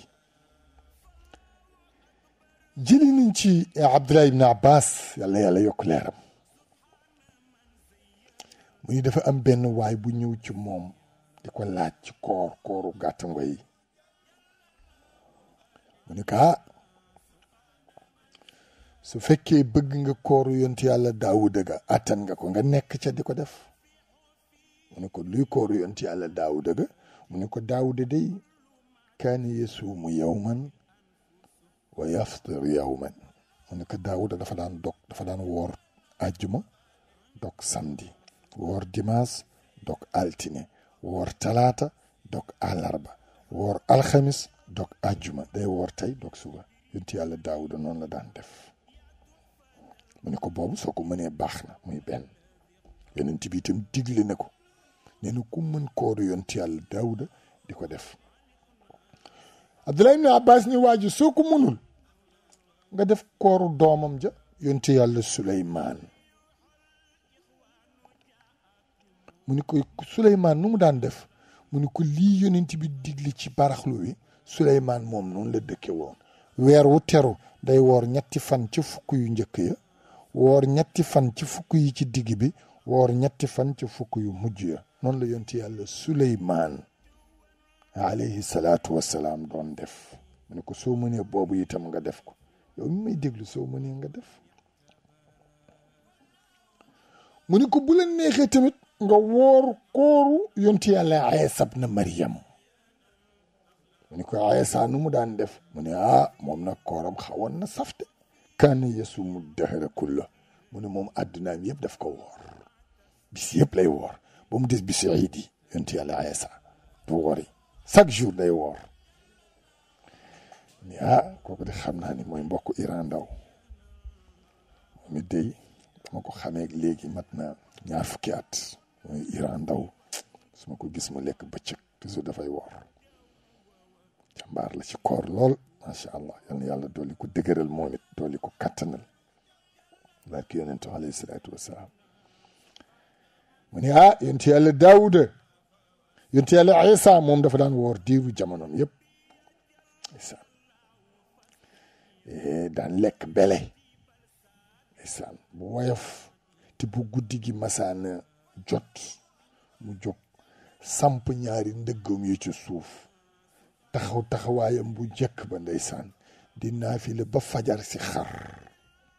jëli nañ ci Abdullah ibn Abbas yàlla yàlla yokk leeram mu ni dafa am benn waay bu ñëw ci moom di ko laaj ci koor kooru gàttango yi mu ni kaa ah, su fekkee bëgg nga kooru yontu yàlla daawuda ga attan nga ko nga nekk ca di ko def mu ni ko luy kooru yontu yàlla daawuda ga mu ko daawuda day kaani yasuumu yawman wa yaftir yawman mu ne ko Daawuda dafa daan dog dafa daan woor àjjuma dog samedi woor dimanche dog altine woor talaata dog àllarba woor alxamis dog àjjuma day woor tey dog suba yonent yàlla Daawuda noonu la daan def mu ne ko boobu soo ko mënee baax na muy benn yonent bi itam digle na ko nee na ku mën Daawuda di ko def Abdullah ibn Abbas ni waa ji soo nga def kooru doomam ja yonte yàlla suleymaan mu ni ko suleymaan nu mu daan def mu ni ko lii yonent bi digle ci baraxlu wi suleymaan moom noonu la dëkke woon weer wu teru day woor ñetti fan ci fukk yu njëkk ya woor ñetti fan ci fukk digg bi woor fan ci fukk yu mujj ya noonu la yonti yàlla suleymaan alayhi salaatu wasalaam doon def mu ne ko soo mënee boobu itam nga def ko yow mi may déglu soo mënee nga def mu ni ko bu la neexee tamit nga woor kooru yonti yàlla Iisaa ibn Maryam mu ni ko Iisaa nu mu daan def mu ne ah moom nag kooram xawoon na safte kaana yasuumu dahra kulla mu ne moom àddunaam yëpp daf ko woor bis yëpp lay woor ba mu des bisu iid yi yonti yàlla Iisaa du woori chaque jour day woor ni ah kooku de xam naa ni mooy mbokku Iran ndaw moom it day dama ko xamee léegi mat na ñaar fukki at mooy Iran ndaw su ma ko gis mu lekk bëccëg toujours dafay woor jàmbaar la ci koor lool macha allah yal na yàlla dolli ko dëgëral moom it dolli ko kattanal barki yonent alayhi salaatu wasalaam mu ne ah yonent yàlla daawuda yonent yàlla isa moom dafa daan woor diiru jamonoom yépp isa Eh, daan lekk bele ndeysaan bu woyof te bu guddi gi masaana jot mu jóg samp ñaari ndëggam yi ci suuf taxaw taxawaayam bu njëkk ba ndeysaan di naafile ba fajar si xar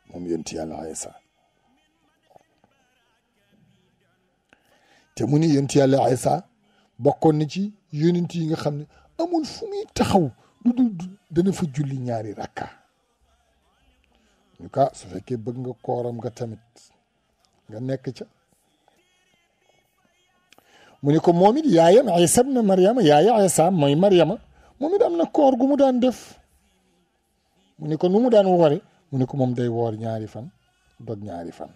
moom yonent yàlla Iisaa te mu ni yonent yàlla Iisaa bokkoon na ci yonent yi nga xam ne amul fu muy taxaw lu dul dana fa julli ñaari rakka ñu ka su bëgg nga kooram nga tamit nga nekk ca mu ni ko moom it yaayam Isa na Mariama yaaya Isa mooy Mariama moom it am na koor gu mu daan def mu ko nu mu daan woore mu ni ko moom day woor ñaari fan dog ñaari fan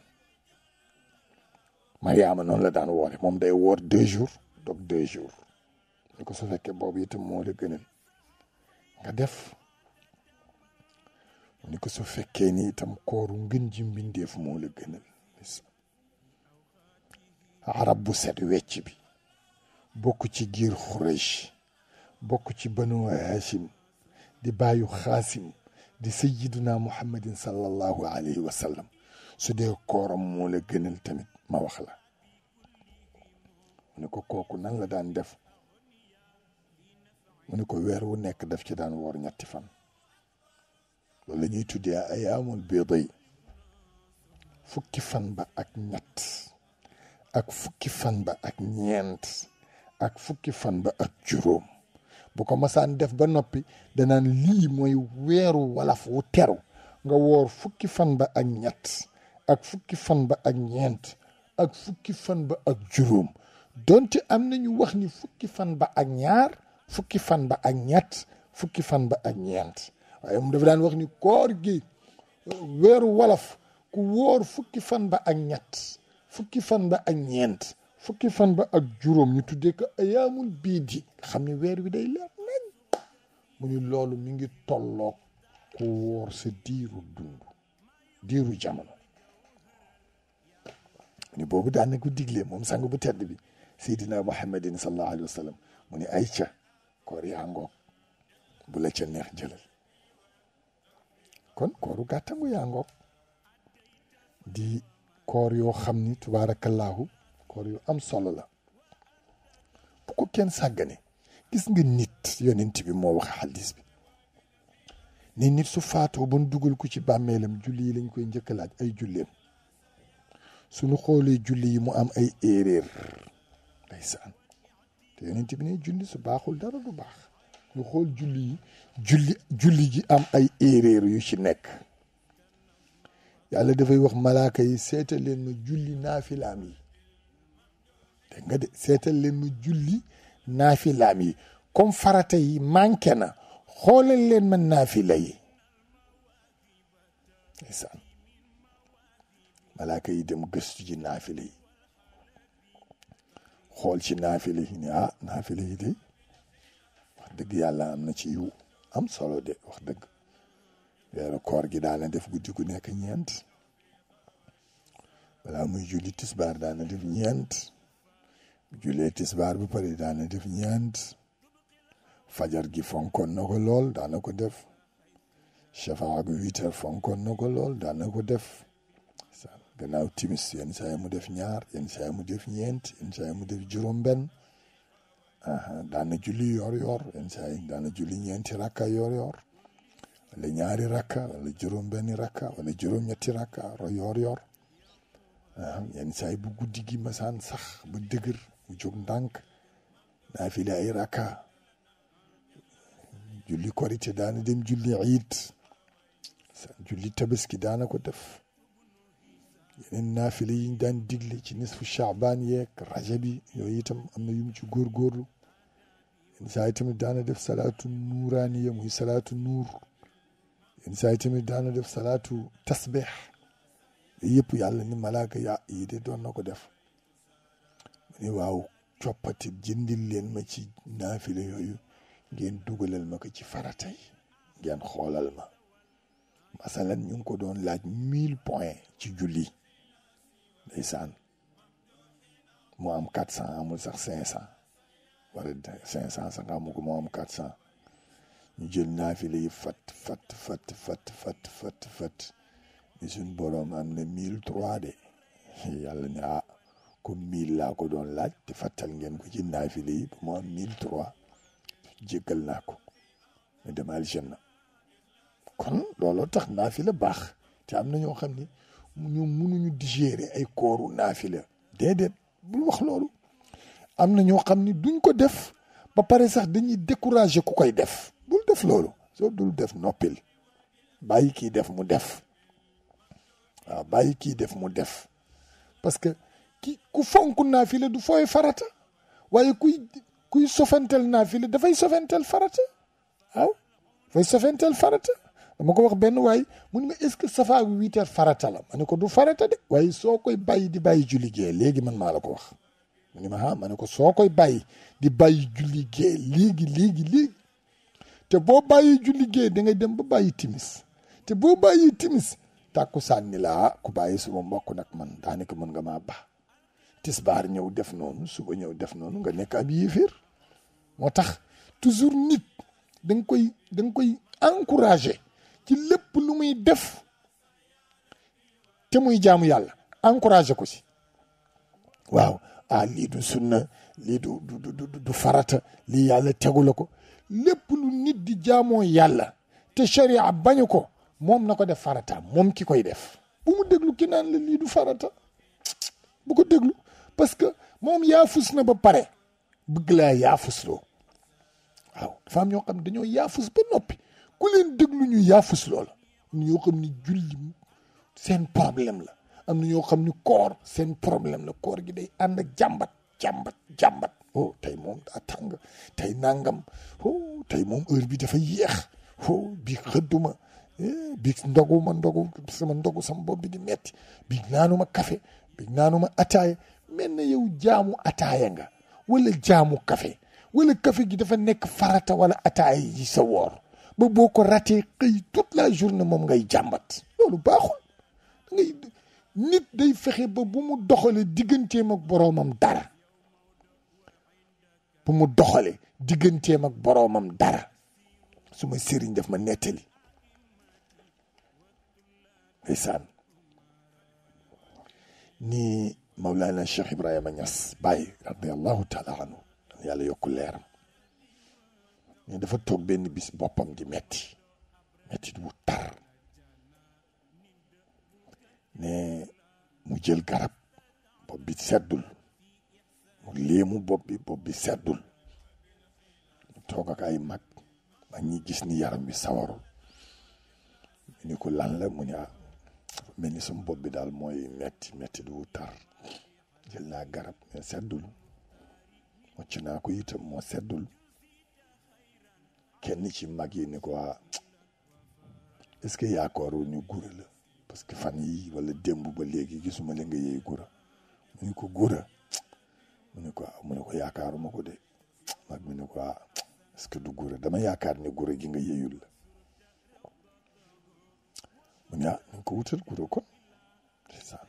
Mariama noonu la daan woore moom day woor deux jours dog deux jours ni ko su fekkee boobu itam moo la gënal nga def ni ko su fekkee ni itam kooru ngën ji mbindeef moo la gënal arab bu set wecc bi bokk ci giir xureesh bokk ci banu hashim di bàyyu xaasim di sayiduna muhammadin sallallahu alayhi wa sallam su dee kooram moo la gënal tamit ma wax la mu ko kooku nan la daan def mu ne ko weer wu nekk def ci daan woor ñetti fan loolu la ñuy tuddee ayaamul biiday fukki fan ba ak ñett fukki fan ba ak ñeent ak fukki fan ba ak juróom bu ko masaan def ba noppi danaan lii mooy weeru walaf wu teru nga woor fukki fan ba ak ñett ak fukki fan ba ak ñeent ak fukki fan ba ak am nañu wax ni fan ba ak ñaar fukki fan ba ak ñett fukki fan ba ak ñeent waaye moom dafa daan wax ni koor gi weeru wolof ku wóor fukki fan ba ak ñett fukki fan ba ak ñeent fukki fan ba ak juróom ñu tuddee ko ayaamul bii di xam ni weer wi day leer nañ mu loolu mi ngi tollook ku wóor sa diiru dund diiru jamono ni boobu daan na ko digle moom sang bu tedd bi seydina muhammadin sallallahu alayhi wa sallam mu ni ay ca koor yaa ngoog bu la ca neex jëlal kon kooru gàttangu yaa ngoog di koor yoo xam ni tubaarakallaahu koor yu am solo la bu ko kenn sàggane gis nga nit yonent bi moo wax xaddis bi ne nit su faatoo ba nu dugal ko ci bàmmeelam julli yi lañ koy njëkk laaj ay julleem suñu xoolee julli yi mu am ay erreur ndeysaan te yonent bi ne julli su baaxul dara du baax nga xool julli yi julli julli ji am ay erreur yu ci nekk yàlla dafay wax malaaka yi seetal leen ma julli naafilaam yi dégg nga de seetal leen ma julli naafilaam yi comme farata yi manqué na xoolal leen ma naafila yi ndeysaan malaaka yi dem gëstu ji naafila yi xool ci naafila yi ne ah naafila yi de wax dëgg yàlla am na ci yu am solo de wax dëgg weeru koor gi daana def guddi gu nekk ñeent balaa muy julli tisbaar daana def ñeent jule jullee tisbaar bu pare daana def ñeent fajar gi fonkoon na ko lool daana ko def shafaa gu huit fonkon fonkoon na ko lool daana ko def gannaaw timis yenn saa mu def ñaar yenn saa mu def ñeent yenn saa mu def juróom-benn daana julli yor yor yenn saa yi daana julli ñeenti rakka yor yor wala ñaari rakka wala juróom benni rakka wala juróom ñetti rakka yor yor yenn saa bu guddi gi masaan sax ba dëgër mu jóg ndànk naa fi ay rakka julli korite daana dem julli iid julli tabaski daana ko def yeneen naafile yi ñu daan digle ci nisfu chaabaan yeeg rajab yi yooyu itam am na yu mu ci góorgóorlu yenn saa yi tamit daano def salaatu nuuraaniya muy salaatu nuur yenn saa yi tamit daano def salaatu tasbeex yëpp yàlla ni malaaka ya yi de doon na ko def ma ne waaw coppati jëndil leen ma ci naafile yooyu ngeen dugalal ma ko ci farata gen ngeen xoolal ma masalan ñu ngi ko doon laaj mille points ci juli ndeysaan mu am quatre cent amul sax cinq cent wala cinq cent sax amu ko am quatre cent ñu jël naafile yi fat fat fat fat fat fat fat ni suñ boroom am na mille trois de yàlla ne ah comme mille laa ko doon laaj te fàttal ngeen ko ci naafile yi mu am mille trois jéggal naa ko ne demal janna kon looloo tax naafile baax te am na ñoo xam ni ñoom mënuñu digérer ay kooru naafila déedéet bul wax loolu am na ñoo xam ni duñ ko def ba pare sax dañuy décourager ku koy def bul def loolu soo dul def noppil bàyyi kii def mu def waaw bàyyi kii def mu def parce que ki ku fonk naafila du fooy farata waaye kuy kuy sofentel naafila dafay sofentel farata waaw dafay sofentel farata dama ko wax benn waaye mu ne ma est-ce que safa ak farata la ma ne ko du farata de waaye soo koy bàyyi di bàyyi julli gee léegi man maa ko wax mu ma ah, ma ne ko soo koy bàyyi di bàyyi léegi léegi léegi te boo bàyyi julli gee da ngay dem ba bàyyi timis te boo bàyyi timis takku sànni la ku bàyyi suma mbokk nag man daanaka mën nga maa ba tisbaar ñëw def noonu suba ñëw def noonu nga nekk ab yéeféer moo tax toujours nit da koy da koy encourager ci lépp lu muy def te muy jaamu yàlla encouragé ko si waaw ah lii du sunna lii du du du du farata lii yàlla tegu la ko lépp lu nit di jaamoo yàlla te sharia bañu ko moom na ko def farata moom ki koy def. bu mu déglu ki naan la lii du farata bu ko déglu parce que moom yaafus na ba pare bëgg laa yaafusloo waaw dafa am ñoo xam dañoo yaafus ba noppi ku leen lu ñu yaafus loola am na ñoo xam ni julli seen problème la am na ñoo xam ni koor seen problème la koor gi day ànd ak jàmbat jàmbat jàmbat oh tey moom daa tàng tey nangam oh tey moom heure bi dafa yeex oh bii xëdduma eh, bi ndogu ma ndogu sama ndogu sama bopp bi di metti bi naanuma kafe bi naanuma ataaya mel na yow jaamu ataaya nga wala jaamu kafe wala kafe gi dafa nekk farata wala ataaya yi sa woor ba boo ko ratee xëy toute la journée moom ngay jàmbat loolu baaxul da ngay nit day fexe ba bu mu doxalee digganteem ak boroomam dara bu mu doxalee digganteem ak boroomam dara su ma sëriñ daf ma nettali ndeysaan nii Mawlana Cheikh Ibrahima Niass Baye radiallahu taala anhu yàlla yokk leeram ne dafa toog benn bis boppam di metti metti bu tar ne mu jël garab bopp bi seddul mu léemu bopp bi bopp bi seddul mu toog ak mag mag ñi gis ni yaram bi sawaru ñu ni lan la mu ne ah mel ni sama bi daal mooy metti metti du tar jël naa garab mais seddul wàcc naa ko itam moo seddul kenn ci mag yi ni ko waa ah, est-ce que yaakaaroon ñu gura la parce que fan yi wala démb ba léegi gisuma la nga yëy gura mu ni ko gura mu ni ko ah, mu ni ko yaakaaruma ko de mag mi ni ko waa ah, est-ce que du gura dama yaakaar ni gura gi nga yëyul la mu ne ah ñu ko wutal gura kon ndeysaan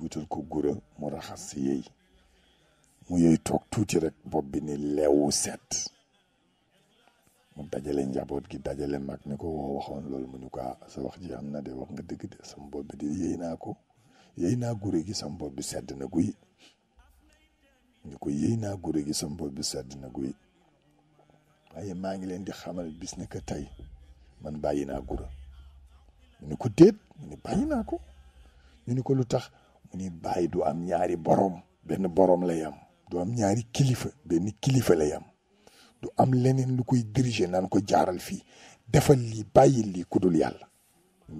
wutal ko gura mu raxas si yëy mu yëy toog tuuti rek bopp bi ni leewu set mu dajale njaboot gi dajale mag ni ko woo waxoon loolu mu ni ko ah, sa wax ji am na de wax nga dëgg de sama bi di yéy naa ko yéy naa gure gi sama bi sedd na guy ni ko yéy naa gure gi sama bopp bi sedd na guy waaye maa ngi leen di xamal bis ne que tey man bàyyi naa gura mu ni ko déet mu ni bàyyi naa ko ñu ni ko lu tax mu ni bàyyi du am ñaari borom benn borom lay am du am ñaari kilifa benn kilifa la am du am leneen lu koy diriger naan ko jaaral fii defal lii bàyyi lii ku dul yàlla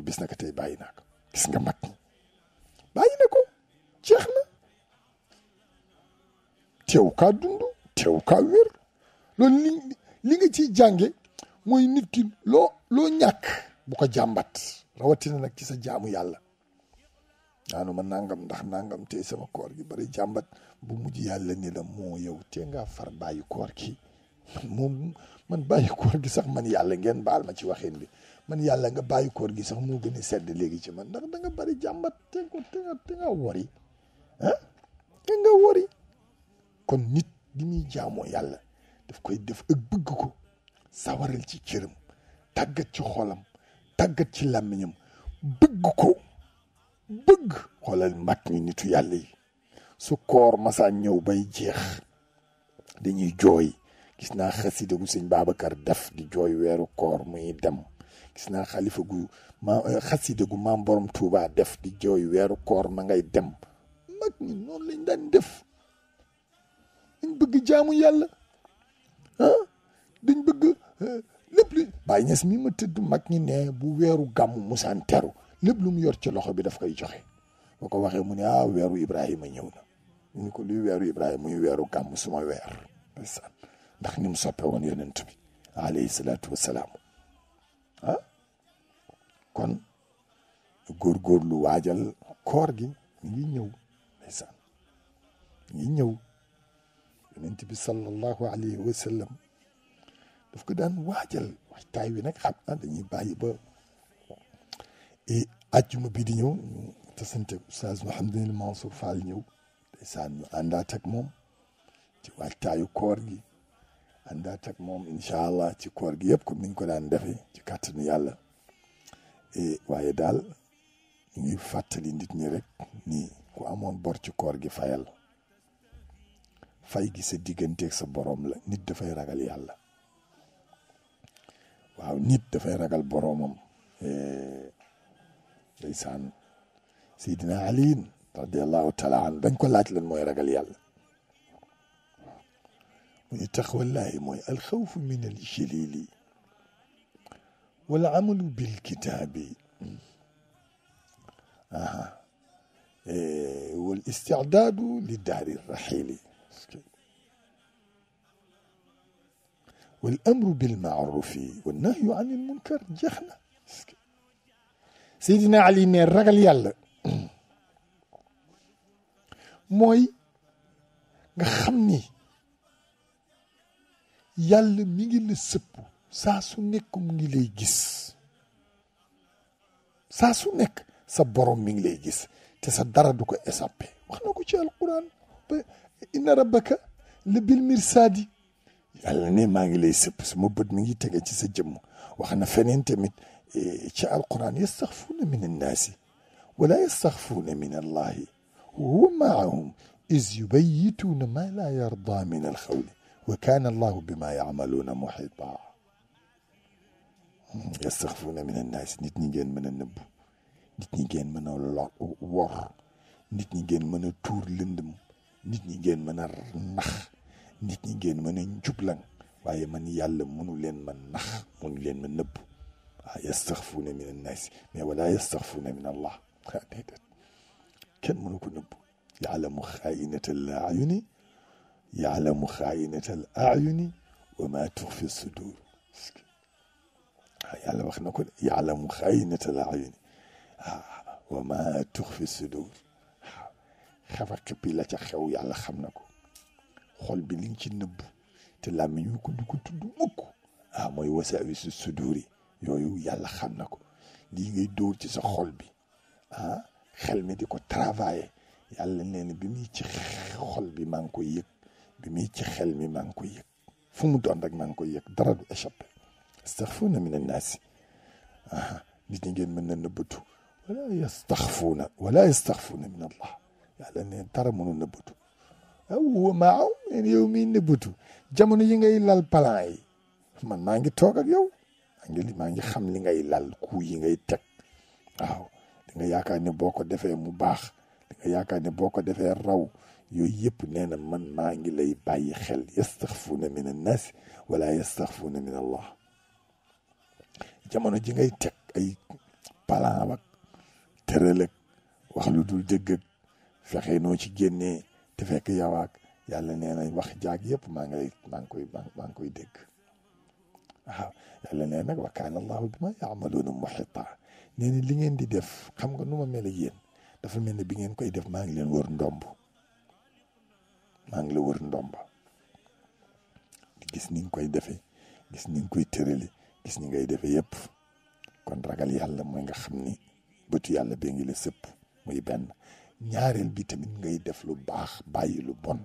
bis naka tey bàyyi naa ko gis mag ñi bàyyi na ko jeex na teew kaa dund teew kaa wér loolu li nga ci jànge mooy nit ki loo loo ñàkk bu ko jàmbat rawatina nag ci sa jaamu yàlla naanu ma nangam ndax nangam tey sama koor gi bari jàmbat bu mujj yàlla ni la moo yow te ngaa far bàyyi koor gi moom man bàyyi koor gi sax man yàlla ngeen baal ma ci waxin bi man yàlla nga bàyyi koor gi sax moo gën sedd léegi ci man ndax danga bari jàmbat te ko te wori ah te wori kon nit di muy jaamoo yàlla daf koy def ak bëgg ko sawaral ci cëram tàggat ci xolam tàggat ci làmmiñam bëgg ko bëgg xoolal mag ñi nitu yàlla yi su koor masaa ñëw bay jeex dañuy jooy gis naa xasida gu sëñ Babacar def di jooy weeru koor muy dem gis naa xalifa gu ma xasida maam borom tuubaa def di jooy weeru koor ma ngay dem mag ñi noonu lañ daan def dañ bëgg jaamu yàlla ah, dañ bëgg eh, lépp li bàyyi ñes ma tëdd mag ñi ne bu weeru gàmmu musaan teru lépp lu mu yor ci loxo bi daf koy joxe boo ko waxee mu ne ah weeru Ibrahima ñëw na ñu ko luy weeru Ibrahima muy weeru gàmm suma weer ndax ni mu soppe woon yonent bi alayhi salaatu wasalaam ah kon góorgóorlu waajal koor gi mi ngi ñëw ndeysaan mi ngi ñëw yonent bi sallallahu alayhi wa sallam daf ko daan waajal waxtaay wi nag xam naa dañuy bàyyi ba et àjjuma bi di ñëw ñu tasante oustaz Mouhamadul Mansour Fall ñëw ndeysaan ñu àndaat ak moom ci waajtaayu koor gi àndaat ak moom incha allah ci koor gi yëpp comme niñ ko daan defee ci kàttanu yàlla e, waaye daal ñu ngi fàttali nit ñi rek ni ku amoon bor ci koor gi fayal fay gi sa digganteeg sa boroom la nit dafay ragal yàlla waaw nit dafay ragal boroomam e, ndeysaan Seydina Aliin radiallahu taala anhu dañ ko laaj lan mooy ragal yàlla تقوى الله موي الخوف من الجليل والعمل بالكتاب آه. والاستعداد للدار الرحيل والأمر بالمعروف والنهي عن المنكر جهنة سيدنا علي من رجل يلا موي خمني yàlla mi ngi la sëpp saa su nekk mu ngi lay gis saa su nekk sa borom mi ngi lay gis te sa dara du ko échappé wax na ko ci alquran ba inna rabbaka la bil mirsadi yàlla ne maa ngi lay sëpp sama bët mi ngi tege ci sa jëmm wax na feneen tamit ci alquran yastaxfuuna min annaasi wala yastaxfuuna min allahi wa huwa maahum iz yubayituuna ma la yarda min alxawli وكان الله بما يعملون محيطا يستخفون من الناس نتنجين من النب نتنجين من الوخ نتنجين من التور لندم نتنجين من النخ نتنجين من الجبلن واي من يال منو لين من نخ منو لين من نبو يستخفون من الناس ما ولا يستخفون من الله كان منو كنبو يعلم خائنة الأعين يعلم خائنة الأعين وما تخفي الصدور يعلم نقول يعلم خائنة الأعين وما تخفي الصدور خفك بلا تخو على خمنك خل بلينك النب تلا من يكون دكو تدمك أما آه، يوسعيس الصدور يو يالا خمنك لي دور تسا خل بي آه، خل مديكو ترافاي يالا نين بمي تخل بي مانكو يك bi muy ci xel mi maa ngi koy yëg fu mu doon rek maa ngi koy yëg dara du échappé yastaxfuuna min annaasi aha nit ñi ngeen mën na nëbbatu wala yastaxfuuna wala yastaxfuuna min allah yàlla ne dara mënu nëbbatu aw wa maaw en yow miy nëbbatu jamono yi ngay lal palan yi man maa ngi toog ak yow maa ngi maa ngi xam li ngay lal ku yi ngay teg waaw da nga yaakaar ne boo ko defee mu baax da nga yaakaar ne boo ko defee raw يجب نانا من ما لي باي خل يستخفون من الناس ولا يستخفون من الله جمانو جنجي تك اي بالان ترلك وخلو دول دقك فخي نوشي جنني تفك يواك يالا نانا وخ جاك يب ما عندي مانكوي مانكوي يالا نانا وكان الله بما يعملون محيطا نيني لين دي ديف خمغ نوما ميلا يين دفل ميني بي نين كوي ديف ما لين ور ndombo maa ngi la wër ndomba di gis ni koy defe gis ni koy koy tërale gis ni ngay defee yépp kon ragal yàlla mooy nga xam ni bëtu yàlla bee ngi la sëpp muy benn ñaareel bi tamit ngay def lu baax bàyyi lu bon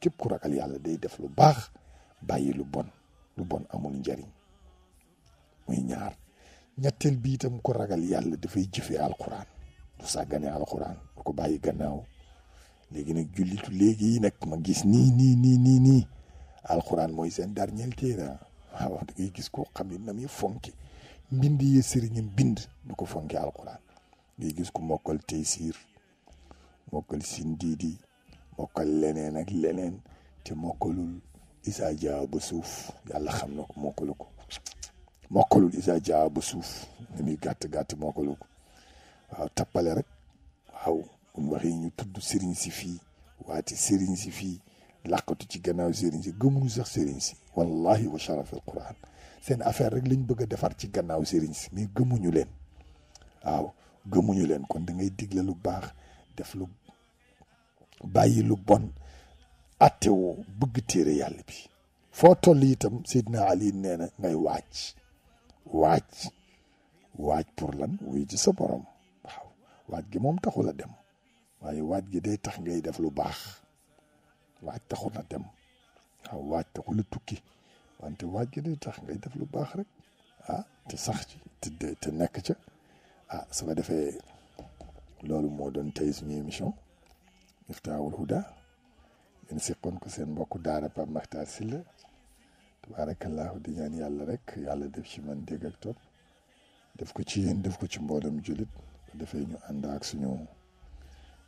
képp ku ragal yàlla day def lu baax bàyyi bon lu bon amul njariñ muy ñaar ñetteel bi itam ko ragal yàlla dafay jëfee alxuraan du sàggane alxuraan du ko bàyyi gannaaw léegi nag jullitu léegi yi nag ma gis nii nii nii nii nii alxuraan mooy seen dernier téere waaw da ngay gis koo xam ne na muy fonki mbind yi sëriñam bind du ko fonki alxuraan gis ko mokkal teysiir mokkal sindiidi mokkal leneen ak leneen te mokkalul isaa jaa ba suuf yàlla xam na ko mokkalu ko mokkalul isaa jaa ba suuf ni muy waaw tappale rek waaw waxee ñu tudd sëriñ si fii waati sëriñ si fii làqatu ci gannaaw sëriñ si gëmuñu sax sëriñ si wallahi wa sharaf al quran seen affaire rek lañ bëgg a defar ci gannaaw sëriñ si mais gëmuñu leen waaw gëmuñu leen kon da ngay digle lu baax def lu bàyyi lu bon attewoo bëgg téere yàlla bi foo toll itam Seydina Ali nee na ngay waaj waaj waaj pour lan wuy ci sa borom waaw waaj gi moom taxul a dem waaye waaj gi day tax ngay def lu baax waaj taxul na dem aw waaj taxul tukki wante waaj gi day tax ngay def lu baax rek a ah, te sax ci te te nekk ca ah su ko defee loolu moo doon tey suñu émission Miftaahul Huda ngeen seqoon ko seen mbokku daara Pape Makhtar Sylla tabaarakallaahu di ñaan yàlla rek yàlla def ci man dégg ak def ko ci yéen def ko ci mboolem jullit defee ñu ànd ak suñu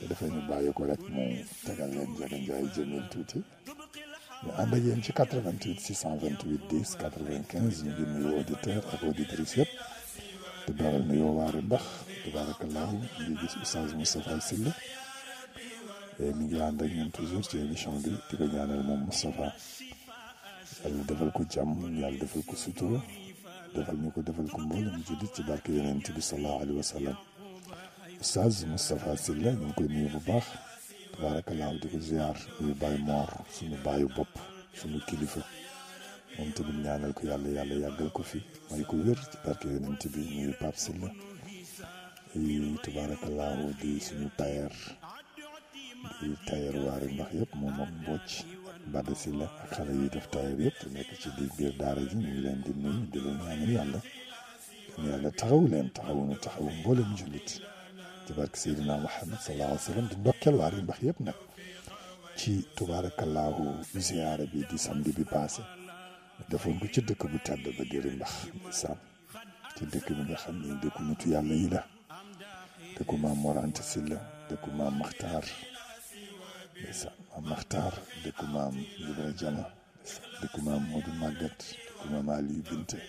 so defee ñu bàyyi ko rek mu tegal leen Ndiaga Ndiaye jëmil tuuti ñu ànd ak yéen ci 88 628 10 95 ñu ngi nuyu auditeurs ak auditrices yëpp di baral nuyoo waare mbax tabaarakallaahu ngi gis Oustaz Moustapha Sylla e, mi ngi ànd ak ñun toujours ci émission bi di ko ñaanal moom Moustapha yàlla defal ko jàmm yàlla defal ko sutura defal ñu ko defal ko mboolem jullit ci barke yonent bi sallallahu alayhi wa sallam استاذ مصطفى سلان نقول مي باباخ تبارك الله عندك زيار باي مور سنو باي بوب سنو كيلفة وانت بني على الكو يالا يالا يالا في ما يكو وير تبارك الله نتبي مي باب سلان تبارك الله ودي سنو تاير دي تاير واري مخيب مو مو بوچ بعد سلا خلا يدف تاير يب نكي چي دي بير دارجين يلان دي مي دي لنا يالا يالا تغولين تغولين تغولين بولين جلتين ci barke Seydina Muhammad sallallahu wa sallam di ndokkeel waar yu baax yëpp nag ci tubaarakallaahu ziyaara bi di samedi bi passé defoon ko ci dëkk bu tedd ba gëri ndax sam ci dëkk bi nga xam ne dëkku nitu yàlla yi la Maxtaar ndeysaan maam Maxtaar dëkku maam Ibra Jama dëkku maam Modou Maguette dëkku maam Aliou Binte dëkku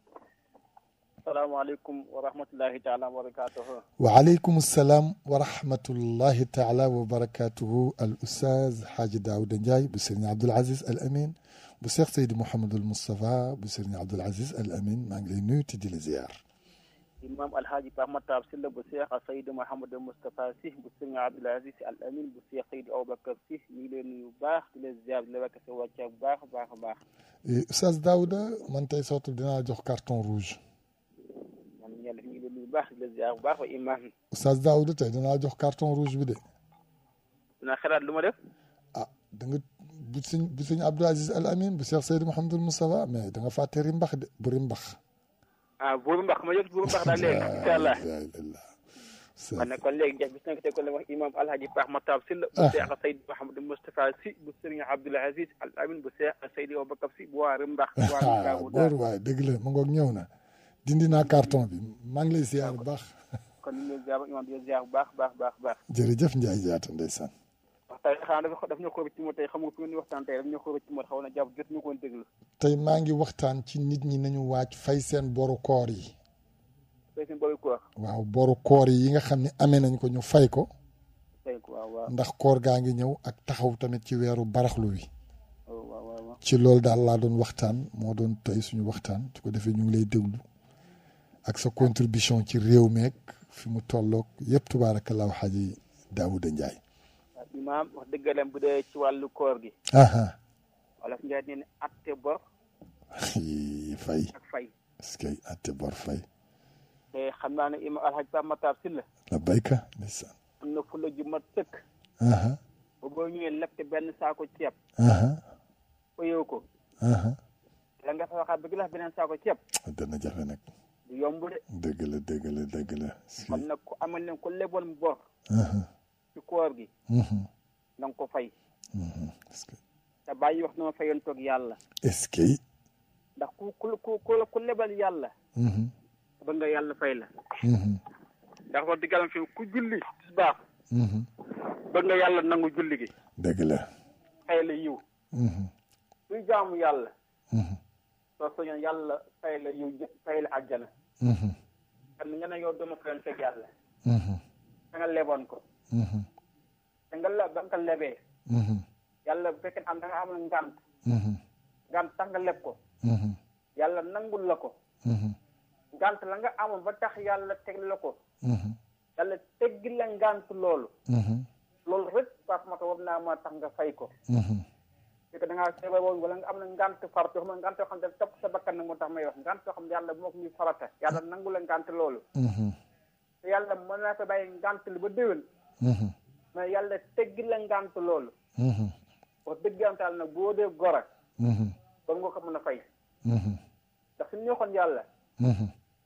السلام عليكم ورحمة الله تعالى وبركاته وعليكم السلام ورحمة الله تعالى وبركاته الأستاذ حاج داود نجاي بسرني عبد العزيز الأمين بسيخ سيد محمد المصطفى بسرني عبد العزيز الأمين مع نيوتي دي لزيار إمام الحاج محمد تابسل بسيخ سيد محمد المصطفى سيخ بسرني عبد العزيز الأمين بسيخ سيد أو بكر سيخ ميلين يباخ دي لزيار لبكة سواجه باخ باخ باخ إيه، أستاذ داود من تأي صوت بدنا كارتون روج bu baax di la ziar bu baax wa imaam. Oustaz Daouda tey danaa jox carton rouge bi de. dinaa xalaat lu ma def. ah da nga bu sëñ bu sëñ Abdou Aziz Al Amin bu Cheikh Seydou Mouhamadul Moustapha mais da nga fàtte rimbax de bu rimbax. ah buuru mbax ma yëg buuru mbax daal léegi incha allah. man nag kon léegi jeex bis na ko teg ko la wax imam alhaji Paax Matab Sylla bu Cheikh Seyd Mouhamadou Moustapha Sy bu Serigne Abdoul Aziz Al Amin bu Cheikh Seyd Aboubacar Sy bu waa rimbax. waa góor waay dëgg la ma ngoog ñëw na. dindi naa carton bi maa ngi lay ziar bu baax. kon bu baax baax baax baax. jërëjëf Ndiaye Diatta ndeysaan. waxtaan ko xam nga ko moo xaw na jàpp jot ko tey maa ngi waxtaan ci nit ñi nañu waaj fay seen boru koor yi. fay waaw boru koor yi yi nga xam ne amee nañ ko ñu fay ko. fay ndax koor gaa ngi ñëw ak taxaw tamit ci weeru baraxlu wi. Oh, ci loolu daal laa doon waxtaan moo doon tey suñu waxtaan su ko defee ñu ngi lay déglu ak sa contribution ci réew meek fi mu tolloog yëpp tubaarakallaahu xaji Daawuda Njaay imaam wax dëggalem bu dee ci wàllu koor gi wala fi njaay ne atte bor fay ak fay est bor fay te xam naa ne imaam alxaj Pape Matar Sylla la bayka ndeysaan am na fula ju mat sëkk ba boo ñëwee lekk benn saako ceeb fayoo ko la nga fa waxaat ba gilax beneen saako ceeb dana du yomb de. dëgg la dëgg la dëgg la. kon nag ku amal leen ko lebon bor. Uh-huh. ci koor gi. Uh-huh. ko fay. Uh-huh. est-ce que. te bàyyi wax na ma fayoon toog yàlla. est ndax ku ku ku ku lebal yàlla. ba nga yàlla fay la. ndax wax dëgg yàlla fi ku julli tisbaar. ba nga yàlla nangu julli gi. kuy soo soñoon yàlla fay la yiw fay la àjjana. xam nga ne yow mhm. dama ko mhm. mhm. yoon fekk bu fekkee am da nga amul ngant. ngant tax ko. yàlla nangul la ko. ngant la nga amul ba tax yàlla teg la ko. yàlla teggi la ngant loolu. loolu rek Pape Makhtar war naa ma tax nga fay ko. c'est que da ngaa feebar woon wala nga am na ngant farat yoo xam ne ngant yoo xam ne topp sa bakkan nag moo tax may wax ngant yoo xam ne yàlla bu ma ko ñuy farata yàlla nangu la ngant loolu mm-hmm. te yàlla mën naa ko bàyyi ngant li ba déwén mm-hmm. mais yàlla teggi la ngant loolu mm-hmm. wax dëgg am taal nag boo dee gor a ba nga ko mën a fay ndax suñu ñoo xoon yàlla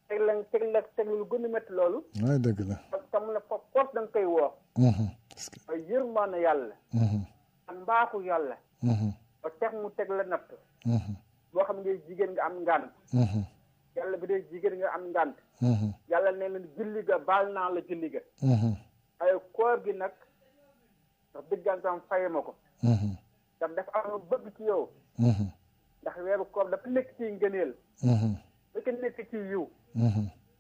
teg la teg la teg lu gën a métti loolu waaye dëgg la tam la foofu da nga koy woo yërmaane yàlla am mbaaxu yàlla mhm. ba tax mu teg la natt mhm. boo xam ne jigéen nga am ngànt mhm. yàlla bi dee jigéen nga am ngànt yàlla ne leen julli ga baal naa la julli ga ay koor gi nag ndax diggantam faye ma ko ndax dafa am bëgg ci yow ndax weeru koor dafa nekk ci ngëneel la ca nekk ci yiw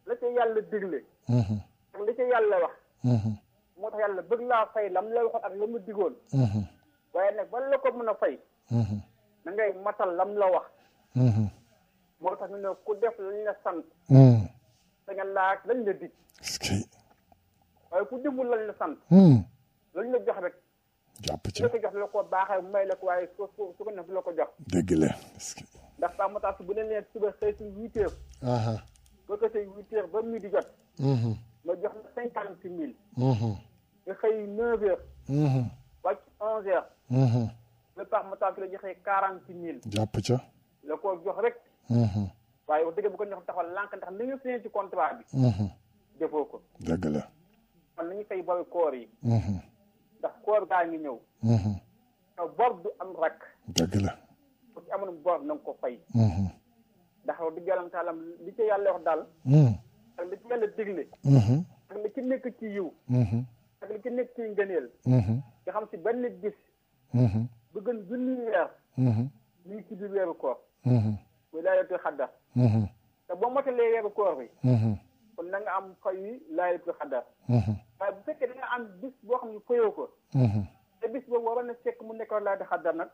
la ca yàlla digle ak la yàlla wax moo tax yàlla bëgg laa fay lam la waxoon ak la mu digoon waaye nag ba la mu mën fay. da mhm. ngay matal lam la wax. Mhm. moo tax ñu ne ku def lañ la sant. Mhm. da nga laaj lañ la dig. waaye ku dimbul lañ la sant. lañ la jox rek. jàpp ci la ko jox la ko baaxee may la ko waaye su ko su ko nekk la ko jox. dégg la. ndax Paa Moussa bu ne leen suba xëy si huit heures. boo ko see huit heures ba midi jot. ma jox la cinquante mille. nga xëy neuf heures. wàcc 11h. Mhm. le pax mu taal ki la joxee quarante mille. jàpp ca. la ko jox rek. Mhm. waaye wax dëgg bu ko neex taxawal lànk ndax li nga ci contrat bi. Mhm. defoo ko. dëgg la. kon nañu fay bor koor yi. ndax koor gaa ngi a te bor du am rakk. dëgg la. bu ci amoon bor na nga ko fay. ndax wax dëgg yàlla taalam li ci yàlla wax daal. ak li ci yàlla ci yiw. ak li ci nekk ci ngëneel mhm. nga xam si benn bis mhm. bu gën junni weer ñu mhm. ngi ci biir weeru koor muy laylatul xaddar te boo motalee weeru koor bi kon na nga am fay yi laylatul xaddar waaye bu fekkee da nga am bis boo xam ne fayoo ko te bis boobu waroon mu nekkoon laylatul xaddar nag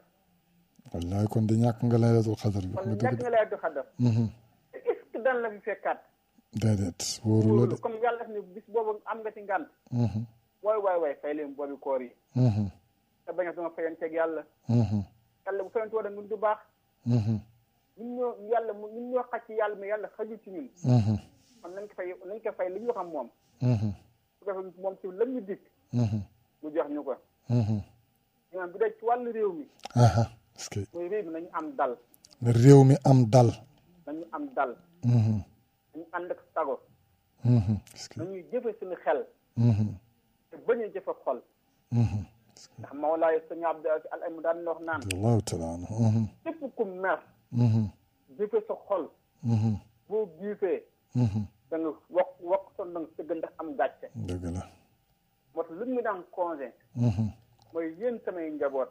wallaay kon di ñàkk nga laylatul xaddar bi kon ñàkk nga laylatul xaddar est-ce bis boobu am nga ci ngànt waay waay waay fay leen boobi koor yi mhm. te bañ a sama fayanteeg yàlla mhm. yàlla bu fayante woo ñun mhm. yàlla mu ñun ñoo xaj ci yàlla mais yàlla xajul ci ñun nañ ko fay nañ li ñu xam moom su ko defee moom ci lan ñu dikk mu jox ñu ko imaam bi dee ci wàllu réew mi parce que mooy réew mi nañu am dal réew mi am dal nañu am dal nañu ànd ak sago nañuy jëfe suñu xel te bañ a jëf ak xol. Mm-hmm. ndax Mawlaay sëñ Abdou al daan na naan. allahu taala anhu. Mm-hmm. képp ku mer. Mm-hmm. jëfe sa xol. boo giifee. da nga wax wax sonn nga sëgg ndax am gàcce. dëgg la. moo tax lu ñu daan conseil. mooy yéen samay njaboot.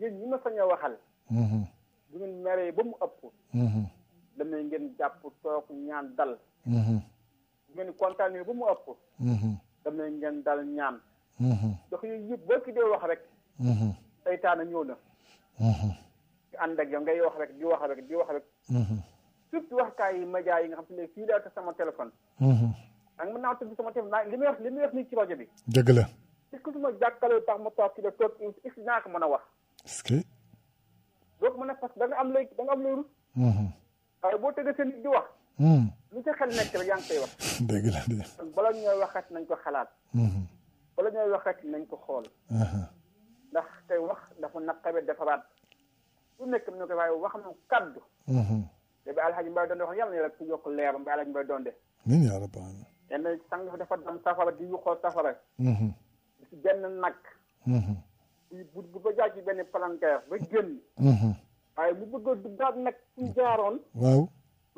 yéen ñi ma sañ waxal. bu ngeen ba mu ëpp. damay ngeen jàpp toog ñaan dal. ni kontaan yi ba mu ëpp. dama ngeen dal ñaan mm-hmm. dox yu yëpp boo ki dee wax rek mm-hmm. seytaane ñëw na mm-hmm. ànd ak yow ngay wax rek di wax rek di wax rek surtout waxkaay yi média yi nga xam ne fii laa ko sama téléphone ak mën naa tudd sama téléphone li muy wax li muy wax nii ci rajo bi dëgg la est que suma jàkkaloo tax ma toog ci la toog est ce naa ko mën a wax est ce doo ko mën a parce da nga am lay da nga am lay rus waaye boo tëggee sa di wax Hmm. lu ca xel nekk rek yaa ngi koy wax. dëgg la de. bala ñooy waxat nañ ko xalaat. Hmm. bala ñooy waxat nañ ko xool. Uh-huh. ndax te wax dafa naqare defaraat lu nekk mu ne ko waaye wax nu kaddu. Uh-huh. te ba Alhaji Mbaye Donde wax yàlla na rek ku yokk leeram ba Alhaji Mbaye Donde. ñun yàlla baax na. yenn sang dafa dam safara di yuxoo safara. Uh-huh. si benn nag. bu bu ba jaar ci benn palanteer ba génn. waaye mu bëgg a duggaat nag suñ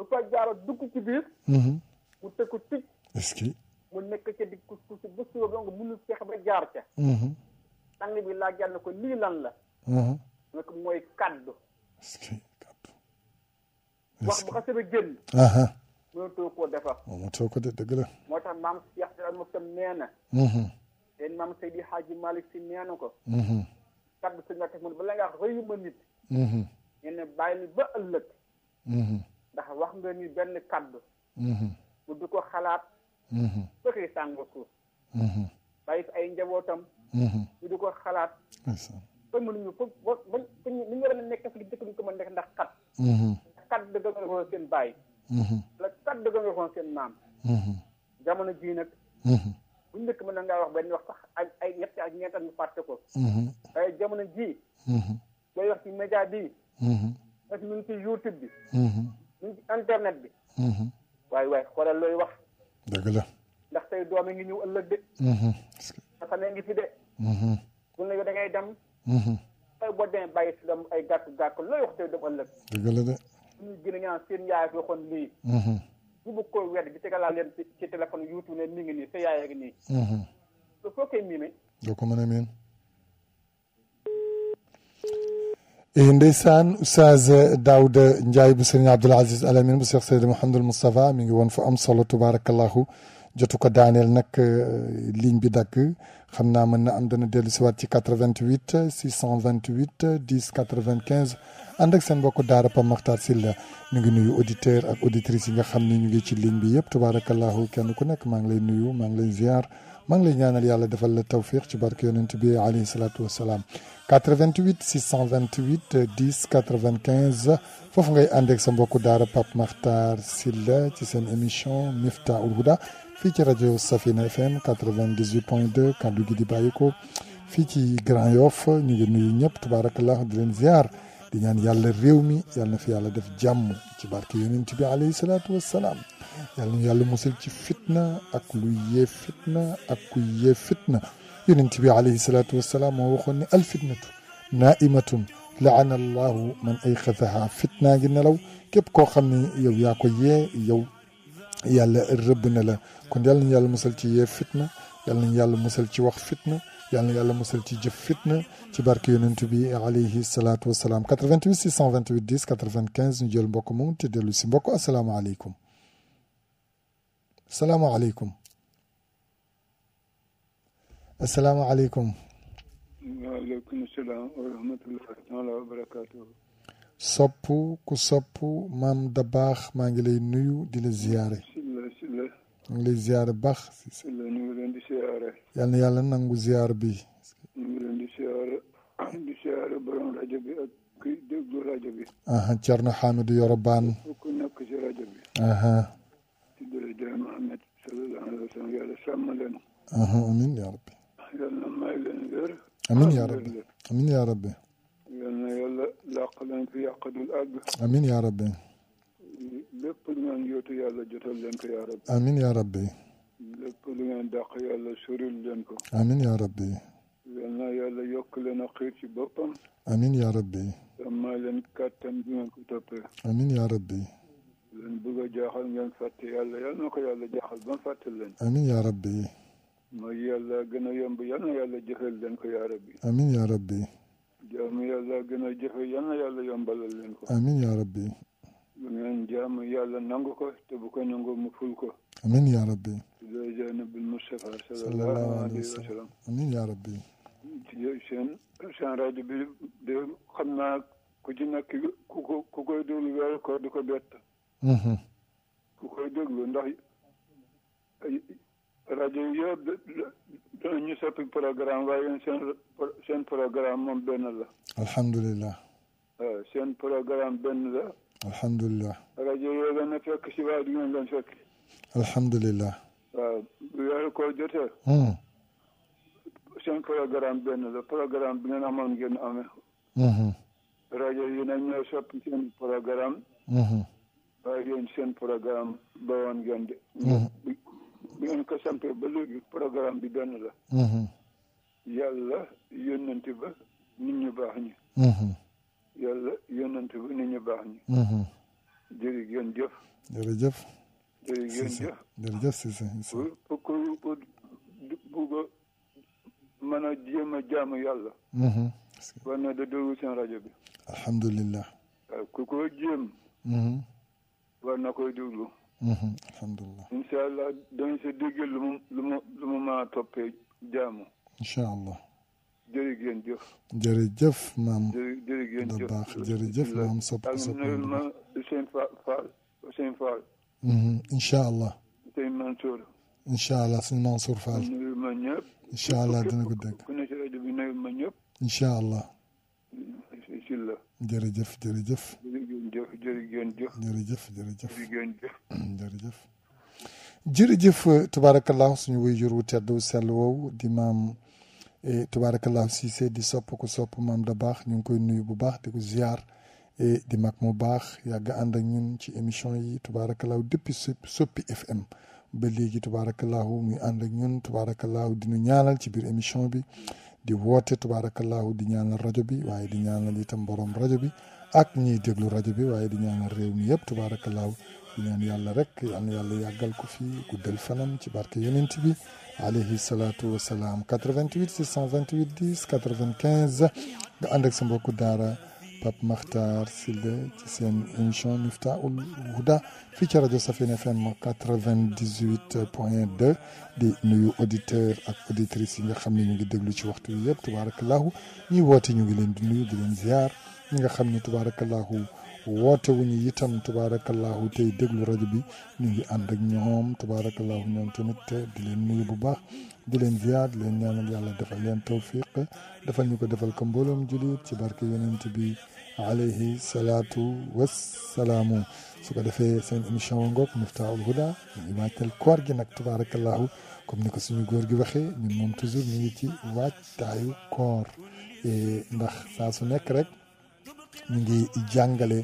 lu koy jaara ci biir. Mhm. mu tëkku tic. est-ce que. mu nekk ca di kus kus ba suba ba nga mënul fexe ba jaar ca. Mhm. sang bi laajal ko lii lan la. Mhm. nag mooy kaddu. est-ce kaddu. wax bu xasee ba génn. ko koo defar. waaw oh, de dëgg la. moo tax maam Cheikh Tidiane Moussa nee na. seen maam Seydi Hadji Malick si nee na ko. kaddu si nga teg bala ngaa rëyu ma nit. ñu ne bàyyi ba ëllëg. ndax wax nga ni benn kaddu. Mhm. bu du ko xalaat. Mhm. ba xëy sàngoo suuf. Mhm. bàyyi fi ay njabootam. bu du ko xalaat. ba mënuñu fo ba ba ñu war a nekk li dëkk ko mën nekk ndax xat. ndax nga xool seen bàyyi. la kaddu ga seen maam. jamono jii nag. buñ dëkk mën na ngaa wax benn wax sax ak ay ñett ak ñeent ñu fàtte ko. waaye jamono jii. booy wax ci média bii. ak ñu ngi ci YouTube bi. ñu ci internet bi. waaye mhm. waaye xoolal looy wax. dëgg la. ndax tey doom yi ngi ñëw ëllëg de. Mhm. parce que nee ngi fi de. Mhm. bu ne da ngay dem. tey boo demee bàyyi si dem ay gàkk gàkk looy wax tey dem ëllëg. dëgg la de. ñu gën a ñaan seen yaay ak waxoon lii. bu bëgg koo wedd bi tegalal leen ci téléphone youtube ne mi ngi nii sa yaay nii. te foo koy miime. doo ko mën a miin. Eh, ndeysaan oustaz Daouda Ndiaye bu sëriñ Abdoul Aziz Alamine bu Cheikh Seydi Mouhamadul Moustapha mi ngi woon fu am solo tubaarakallahu jotu ko daaneel nag eh, ligne bi dagg xam naa mën na am dana dellu si waat ci 88 628 10 95 ànd ak seen mbokku daara Pape Makhtar Sylla ñu ngi nuyu auditeur ak auditrice yi nga xam ne ñu ngi ci ligne bi yëpp tubaarakallahu kenn ku nekk maa ngi lay nuyu maa ngi lay ziar mang lay ñaanal yàlla defal la tawfiq ci barke yonent bi alayhi salaatu 88 628 10 95 foofu ngay ànd ak sa mbokku daara Pape Makhtar Sylla ci seen émission Miftahoul Houda fii ci Safina FM 98.2 kaddu gi di bàyyi ko fii ci Grand Yoff ñu ngi nuyu ñëpp tubaarakallah di leen ziar di ñaan yàlla réew mi yàlla na fi yàlla def jàmm ci barke yonent bi alayhi yàlla ñu yàlla musal ci fitna ak lu yé fitna ak ku yee fitna yonent bi alayhi salatu wassalam moo waxoon ne al fitnatu na'imatun laana allah man ayqazaha fitnaa ngi nelaw kep ko xamni yow ya ko yé yow yàlla rëbb na la kon yàlla ñu yàlla musal ci yé fitna yàlla ñu yàlla musal ci wax fitna yàlla yàlla musal ci jëf fitna ci barke yonent bi alayhi salaatu wasalaam 88 628 10 95 ñu jël mbokk moom te dellu si mbokk asalaamaaleykum salaamaaleykum. asalaamaaleykum. waaleykum salaam wa rahmatullahi taala wa barakaatuh. sopp ku sopp maam da baax maa ngi lay nuyu di la ziyaare. maa ngi lay ziyaare baax. ñu ngi leen di ziyaare. yal na yàlla nangu ziyaar bi. ñu ngi leen di ziyaare di ziyaare borom rajo bi ak kuy déglu rajo bi. Thierno Hamidou Yoro Bane. ku nekk ci rajo bi. بجاه محمد صلى الله عليه وسلم يا ساملنا اها امين يا ربي يلا ما يلنجر امين يا ربي امين يا ربي يلا يلا لا قلن في عقد الاب امين يا ربي لقلن يوتي يلا جتلنك يا ربي امين يا ربي لقلن دق يلا سرلنك امين يا ربي يلا يلا يقلن قيتي بطن امين يا ربي سمالن كاتن بمن كتبه امين يا ربي بقى جاهل ينفتي يلا يلا نقي يلا جاهل بنفتي لنا أمين يا ربي ما يلا قنا ينبي يلا يلا جهل لنا يا ربي أمين يا ربي جامي يلا قنا جهل يلا يلا ينبل لنا أمين يا ربي من جامي يلا ننقو تبقى ننقو مفولكو أمين يا ربي جانا بالمصطفى صلى الله عليه وسلم أمين يا ربي sen sen rajo bi de xam naa ku ci nekk ku ko ku koy déglu weer koor di ko bett Kukoydak vëndah radyoya të një sa për program vajën sen program më bënë dhe. Alhamdulillah. Sen program bënë dhe. Alhamdulillah. Radyoya dhe në fëkë si vajë dhjën dhe në Alhamdulillah. Bu koydurdu. Hı. Sen program bënë dhe program bënë aman gënë ame. Radyoya hı. Radioja në një sa program. Hı hı. yéen seen programme ba woon ngeen de. Mhm. bi ngeen ko sampee ba léegi programme bi benn la. Mhm. yàlla yónnante ba nit ñu baax ñi. Mhm. yàlla yónnante ba nit ñu baax ñi. jërëjëf. jërëjëf. jërëjëf jërëjëf Cissé. pour pour pour bugg a mën a jéem a jaamu yàlla. war da déglu seen rajo bi. alhamdulilah. ku ko jéem. war na koy déglu. Mhm, alhamdulilah. incha allah dañ si déggee lu mu lu toppee jaamu. incha allah. jërëjëf. jërëjëf maam. jërëjëf da baax jërëjëf maam sopp sopp. ma Ousseynou Fall Ousseynou mhm, Fall. incha allah. Ousseynou Mansour. incha allah suñu Mansour Fall. nuyu ma dina ko dégg. ku ne si rajo jëf jërëjëf jërëjëf jërëjëf mm, jërëjëf jërëjëf euh, tubaarakallah suñu wuy jur wu tedd sell woowu di maam eh, tubaarakallah Cissé di sopp ku sopp maam da baax ñu ngi koy nuyu bu baax di ko ziar eh, di mag mu baax yàgg ànd ak ñun ci émission yi tubaarakallah depuis soppi FM ba léegi tubaarakallah muy ànd ak ñun tubaarakallah dinu ñaanal ci biir émission bi di woote tubaarakallah di ñaanal rajo bi waaye di ñaanal itam borom rajo bi ak ñiy déglu rajo bi waaye di ñaanal réew mi yëpp tubaarakallaahu di ñaan yàlla rek yal na yàlla yàggal ko fi guddal fanam ci barke yonent bi alayhi salaatu wasalaam 88 628 10 95 nga ànd ak sa mbokku daara Pape Makhtar Sile ci seen émission Miftahoul Houda fii ci rajo Safin FM 98 point 2 di nuyu auditeur ak auditrices yi nga xam ne ñu ngi déglu ci waxtu bi yëpp tubaarakallaahu ñuy woote ñu ngi leen di di leen ñi nga xam ni tubaarakallaahu woote wu ñu itam tubaarakallaahu tey déglu rajo bi ñu ngi ànd ak ñoom tubaarakallaahu ñoom tamit di leen nuyu bu baax di leen ziar di leen ñaanal yàlla defal leen tawfiq defal ñu ko defal ko mbooloom julit ci barke yonent bi alayhi salaatu wassalaamu su ko defee seen émission ngoog Miftaahul Huda ñu ngi wàccal koor gi nag tubaarakallaahu comme ni ko suñu góor gi waxee ñun moom toujours ñu ngi ci waajtaayu koor eh, ndax saa su nekk rek ñu ngi jàngale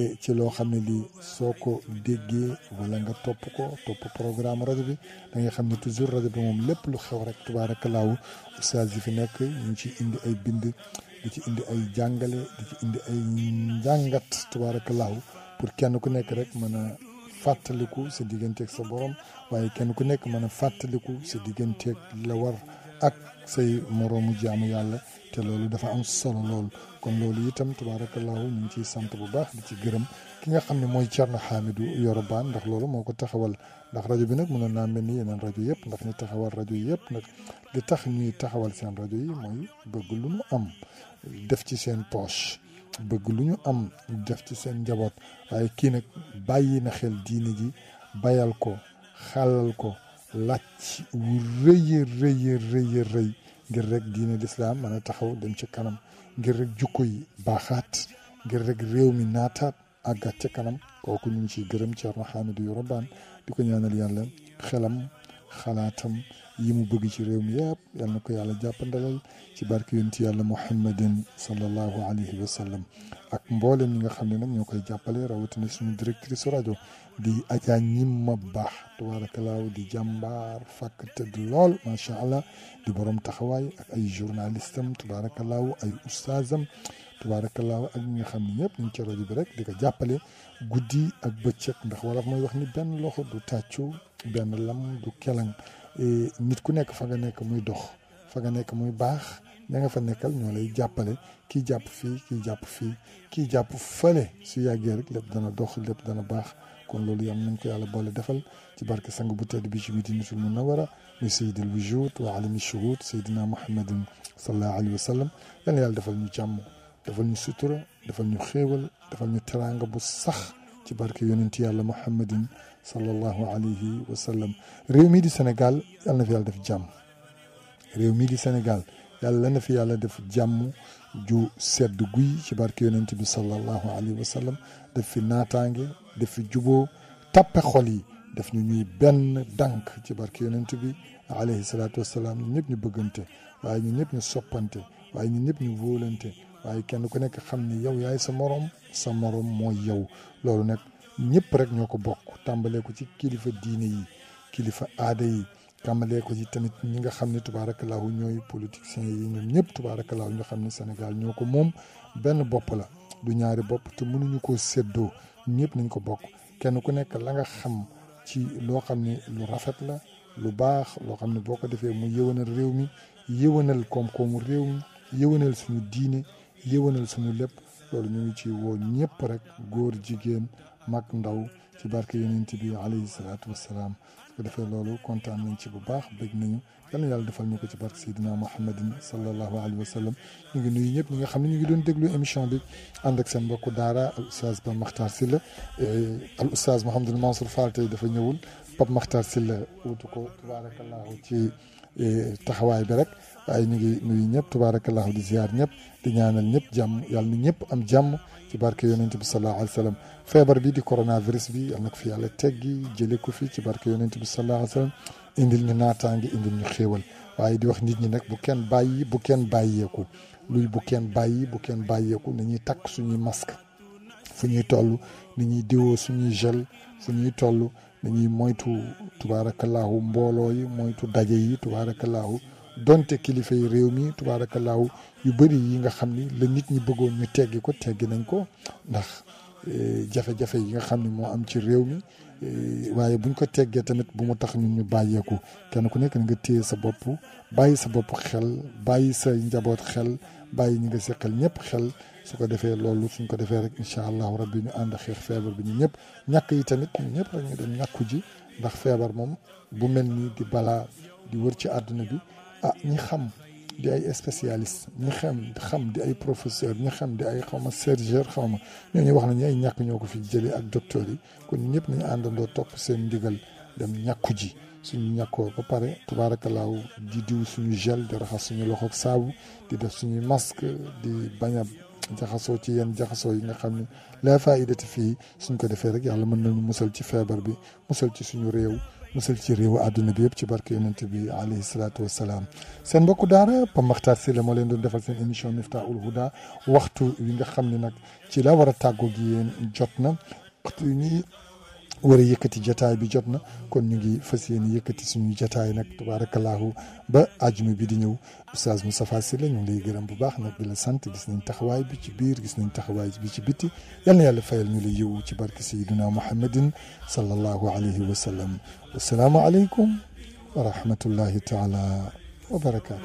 e, ci loo xam ne lii soo ko déggee wala nga topp ko topp programme rajo bi da nga xam ne toujours rajo bi moom lépp lu xew rek tubaarakallaahu ustaas yi fi nekk ñu ci indi ay bind di ci indi ay jàngale di ci indi ay njàngat tubaarakallaahu pour kenn ku nekk rek mën a fàttaliku si digganteeg sa borom waaye kenn ku nekk mën a fàttaliku si digganteeg lawar ak say moroomu jaamu yàlla te loolu dafa am solo loolu kon loolu itam tabaarakallaahu ñu ngi ciy sant bu baax di ci gërëm ki nga xam ne mooy Thierno yor Yorobaan ndax loolu moo ko taxawal ndax rajo bi nag mënoon naa mel ni yeneen rajo yëpp ndax ñu taxawal rajo yëpp nag li tax ñuy taxawal seen rajo yi mooy bëgg lu ñu am def ci seen poche bëgg lu ñu am def ci seen njaboot waaye kii nag bàyyi na xel diine ji bayal ko xàllal ko. laaj wu rëy a rëy rëy rëy ngir rek diine lislaam mën a taxaw dem ci kanam ngir rek jukko yi baaxaat ngir réew mi naataat àggaat ca kanam kooku ñu ngi ciy gërëm Thierno Hamidou Yero Bane di ko ñaanal yàlla xelam xalaatam yi mu bëgg ci réew mi yëpp yal na ko yàlla jàppandalal ci barke yonent yàlla muhammadin sallallahu alayhi wa sallam ak mboolem ñi nga xam ne nag ñoo koy jàppale rawatina suñu directrice rajo di Adja Ñimma Ba tabaarakalaaw di jàmbaar fàkk tëdd lool macha allah di borom taxawaay ak ay journalistam tabaarakalaaw ay ustaazam tabaarakalaaw ak ñi nga xam ne ñëpp ñu ngi ci rajo bi rek di ko jàppale guddi ak bëccëg ndax wolof mooy wax ni benn loxo du tàccu benn lam du kelang nit ku nekk fa nga nekk muy dox fa nga nekk muy baax ña nga fa nekkal ñoo lay jàppale kii jàpp fii kii jàpp fii kii jàpp fale su yàggee rek lépp dana dox lépp dana baax kon loolu yam nañ ko yàlla boole defal ci barke sang bu tedd bi ci Madinatul Munawwara muy sayyidil wujud wa alami shuhud sayyidina muhammadin sallallahu alayhi wa sallam yàlla yàlla defal ñu jàmm defal ñu sutura defal ñu xéewal defal ñu teraanga bu sax ci barke yonent yàlla muhammadin sallallahu alayhi wa sallam réew mii di Sénégal yàlla na fi yàlla def jàmm réew mii di Sénégal yàlla na fi yàlla def jàmm ju sedd guy ci barke yonent bi sallallahu alayhi wa sallam def fi naataange def fi juboo tappe xol yi def ñu ñuy benn dànk ci barke yonent bi alayhi salaatu wasalaam ñu ñëpp ñu bëggante waaye ñu ñëpp ñu soppante waaye ñu ñëpp ñu wóolante waaye kenn ku nekk xam ni yow yaay sa morom sa morom mooy yow loolu nag ñëpp rek ñoo ko bokk tàmbalee ko ci kilifa diine yi kilifa aada yi tàmbalee ko ci tamit ñi nga xam ne tubaarakallaahu ñooy politiciens yi ñoom ñëpp tubaarakallaahu ñoo xam ne Sénégal ñoo ko moom benn bopp la du ñaari bopp te mënuñu ko séddoo ñëpp nañ ko bokk kenn ku nekk la nga xam ci loo xam ne lu rafet la lu baax loo xam ne boo ko defee mu yëwanal réew mi yëwanal koom-koomu réew mi yëwanal suñu diine yëwanal suñu lépp loolu ñu ngi ci woo ñëpp rek góor jigéen mag ndaw ci barke yonent bi alayhi salaatu wasalaam su ko defee loolu kontaan nañ ci bu baax bég nañu yal na yàlla defal ñu ko ci barke Seydina Muhammadin sallallahu alayhi wa sallam ñu ngi nuyu ñëpp ñi nga xam ne ñu ngi doon déglu émission bi ànd ak seen mbokku daara al oustaz Pape Makhtar Sylla al oustaz Mouhamadul Mansour Fall tey dafa ñëwul Pape Makhtar Sylla wutu ko tabarakallahu ci taxawaay bi rek waaye ñu ngi nuyu ñëpp tabaarakallaahu di ziar ñëpp di ñaanal ñëpp jàmm yàlla na ñëpp am jàmm ci barke yonent bi sallallahu alayhi wa sallam feebar bi di coronavirus bi yal na ko fi yàlla teggi jëlee ko fi ci barke yonent bi sallallahu alayhi wa sallam indil ñu naataange indil ñu xéewal waaye di wax nit ñi nag bu kenn bàyyi bu kenn bàyyeeku luy bu kenn bàyyi bu kenn bàyyeeku nañuy takk suñuy masque fu ñuy toll ni ñuy diwoo suñuy gel fu ñuy toll nañuy moytu tubaarakallaahu mbooloo yi moytu daje yi tubaarakallaahu donte kilifa yi réew mi tubaarakallaahu yu bëri yi nga xam ni la nit ñi bëggoon ñu teggi ko teggi nañ ko ndax eh, jafe-jafe yi nga xam ni moo am ci réew mi eh, waaye buñ ko teggee tamit bu mu tax ñun ñu bàyyeeku kenn ku nekk na nga téye sa bopp bàyyi sa bopp xel bàyyi sa njaboot xel bàyyi ñi nga seqal ñëpp xel su ko defee loolu suñ ko defee rek incha allahu rabbi ñu ànd xeex feebar bi ñu ñëpp ñàkk yi tamit ñu ñëpp rek dem ñàkku ji ndax feebar moom bu mel nii di balaa di wër ci àdduna bi ah ñi xam di ay spécialiste ñi xam xam di ay professeur ñi xam di ay xaw ma sergeur xaw ma ñoo ñooñu wax nañu ay ñàkk ñoo ko fi jëlee ak docteur yi kon ñëpp nañu àndandoo topp seen ndigal dem ñàkku ji suñu ñàkkoo ba pare tubaarakalaaw di diw suñu gel di raxas suñu loxook saabu di def suñu masque di bañ a jaxasoo ci yenn jaxasoo yi nga xam ne la faidati fii suñ ko defee rek yàlla mën nañu musal ci feebar bi musal ci suñu réew musal ci réewu àdduna bi yëpp ci barke yonent bi alayhi salaatu wasalaam seen mbokku daara Pape Makhtar Sylla moo leen doon defal seen émission Miftahoul Houda waxtu wi nga xam ne nag ci la war a tàggoo gi yéen jot na waxtu ñuy war a yëkkati jataay bi jot na kon ñu ngi fas yéene yëkkati suñu jataay nag tabaarakallaahu ba ajuma bi di ñëw oustaz Moustapha Sylla ñu ngi lay gërëm bu baax nag di la sant gis nañ taxawaay bi ci biir gis nañ taxawaay bi ci bitti yal na yàlla fayal ñu la yiw ci barke sayyidina muhammadin sallallahu alayhi wa sallam assalaamu aleykum wa rahmatullahi taala wa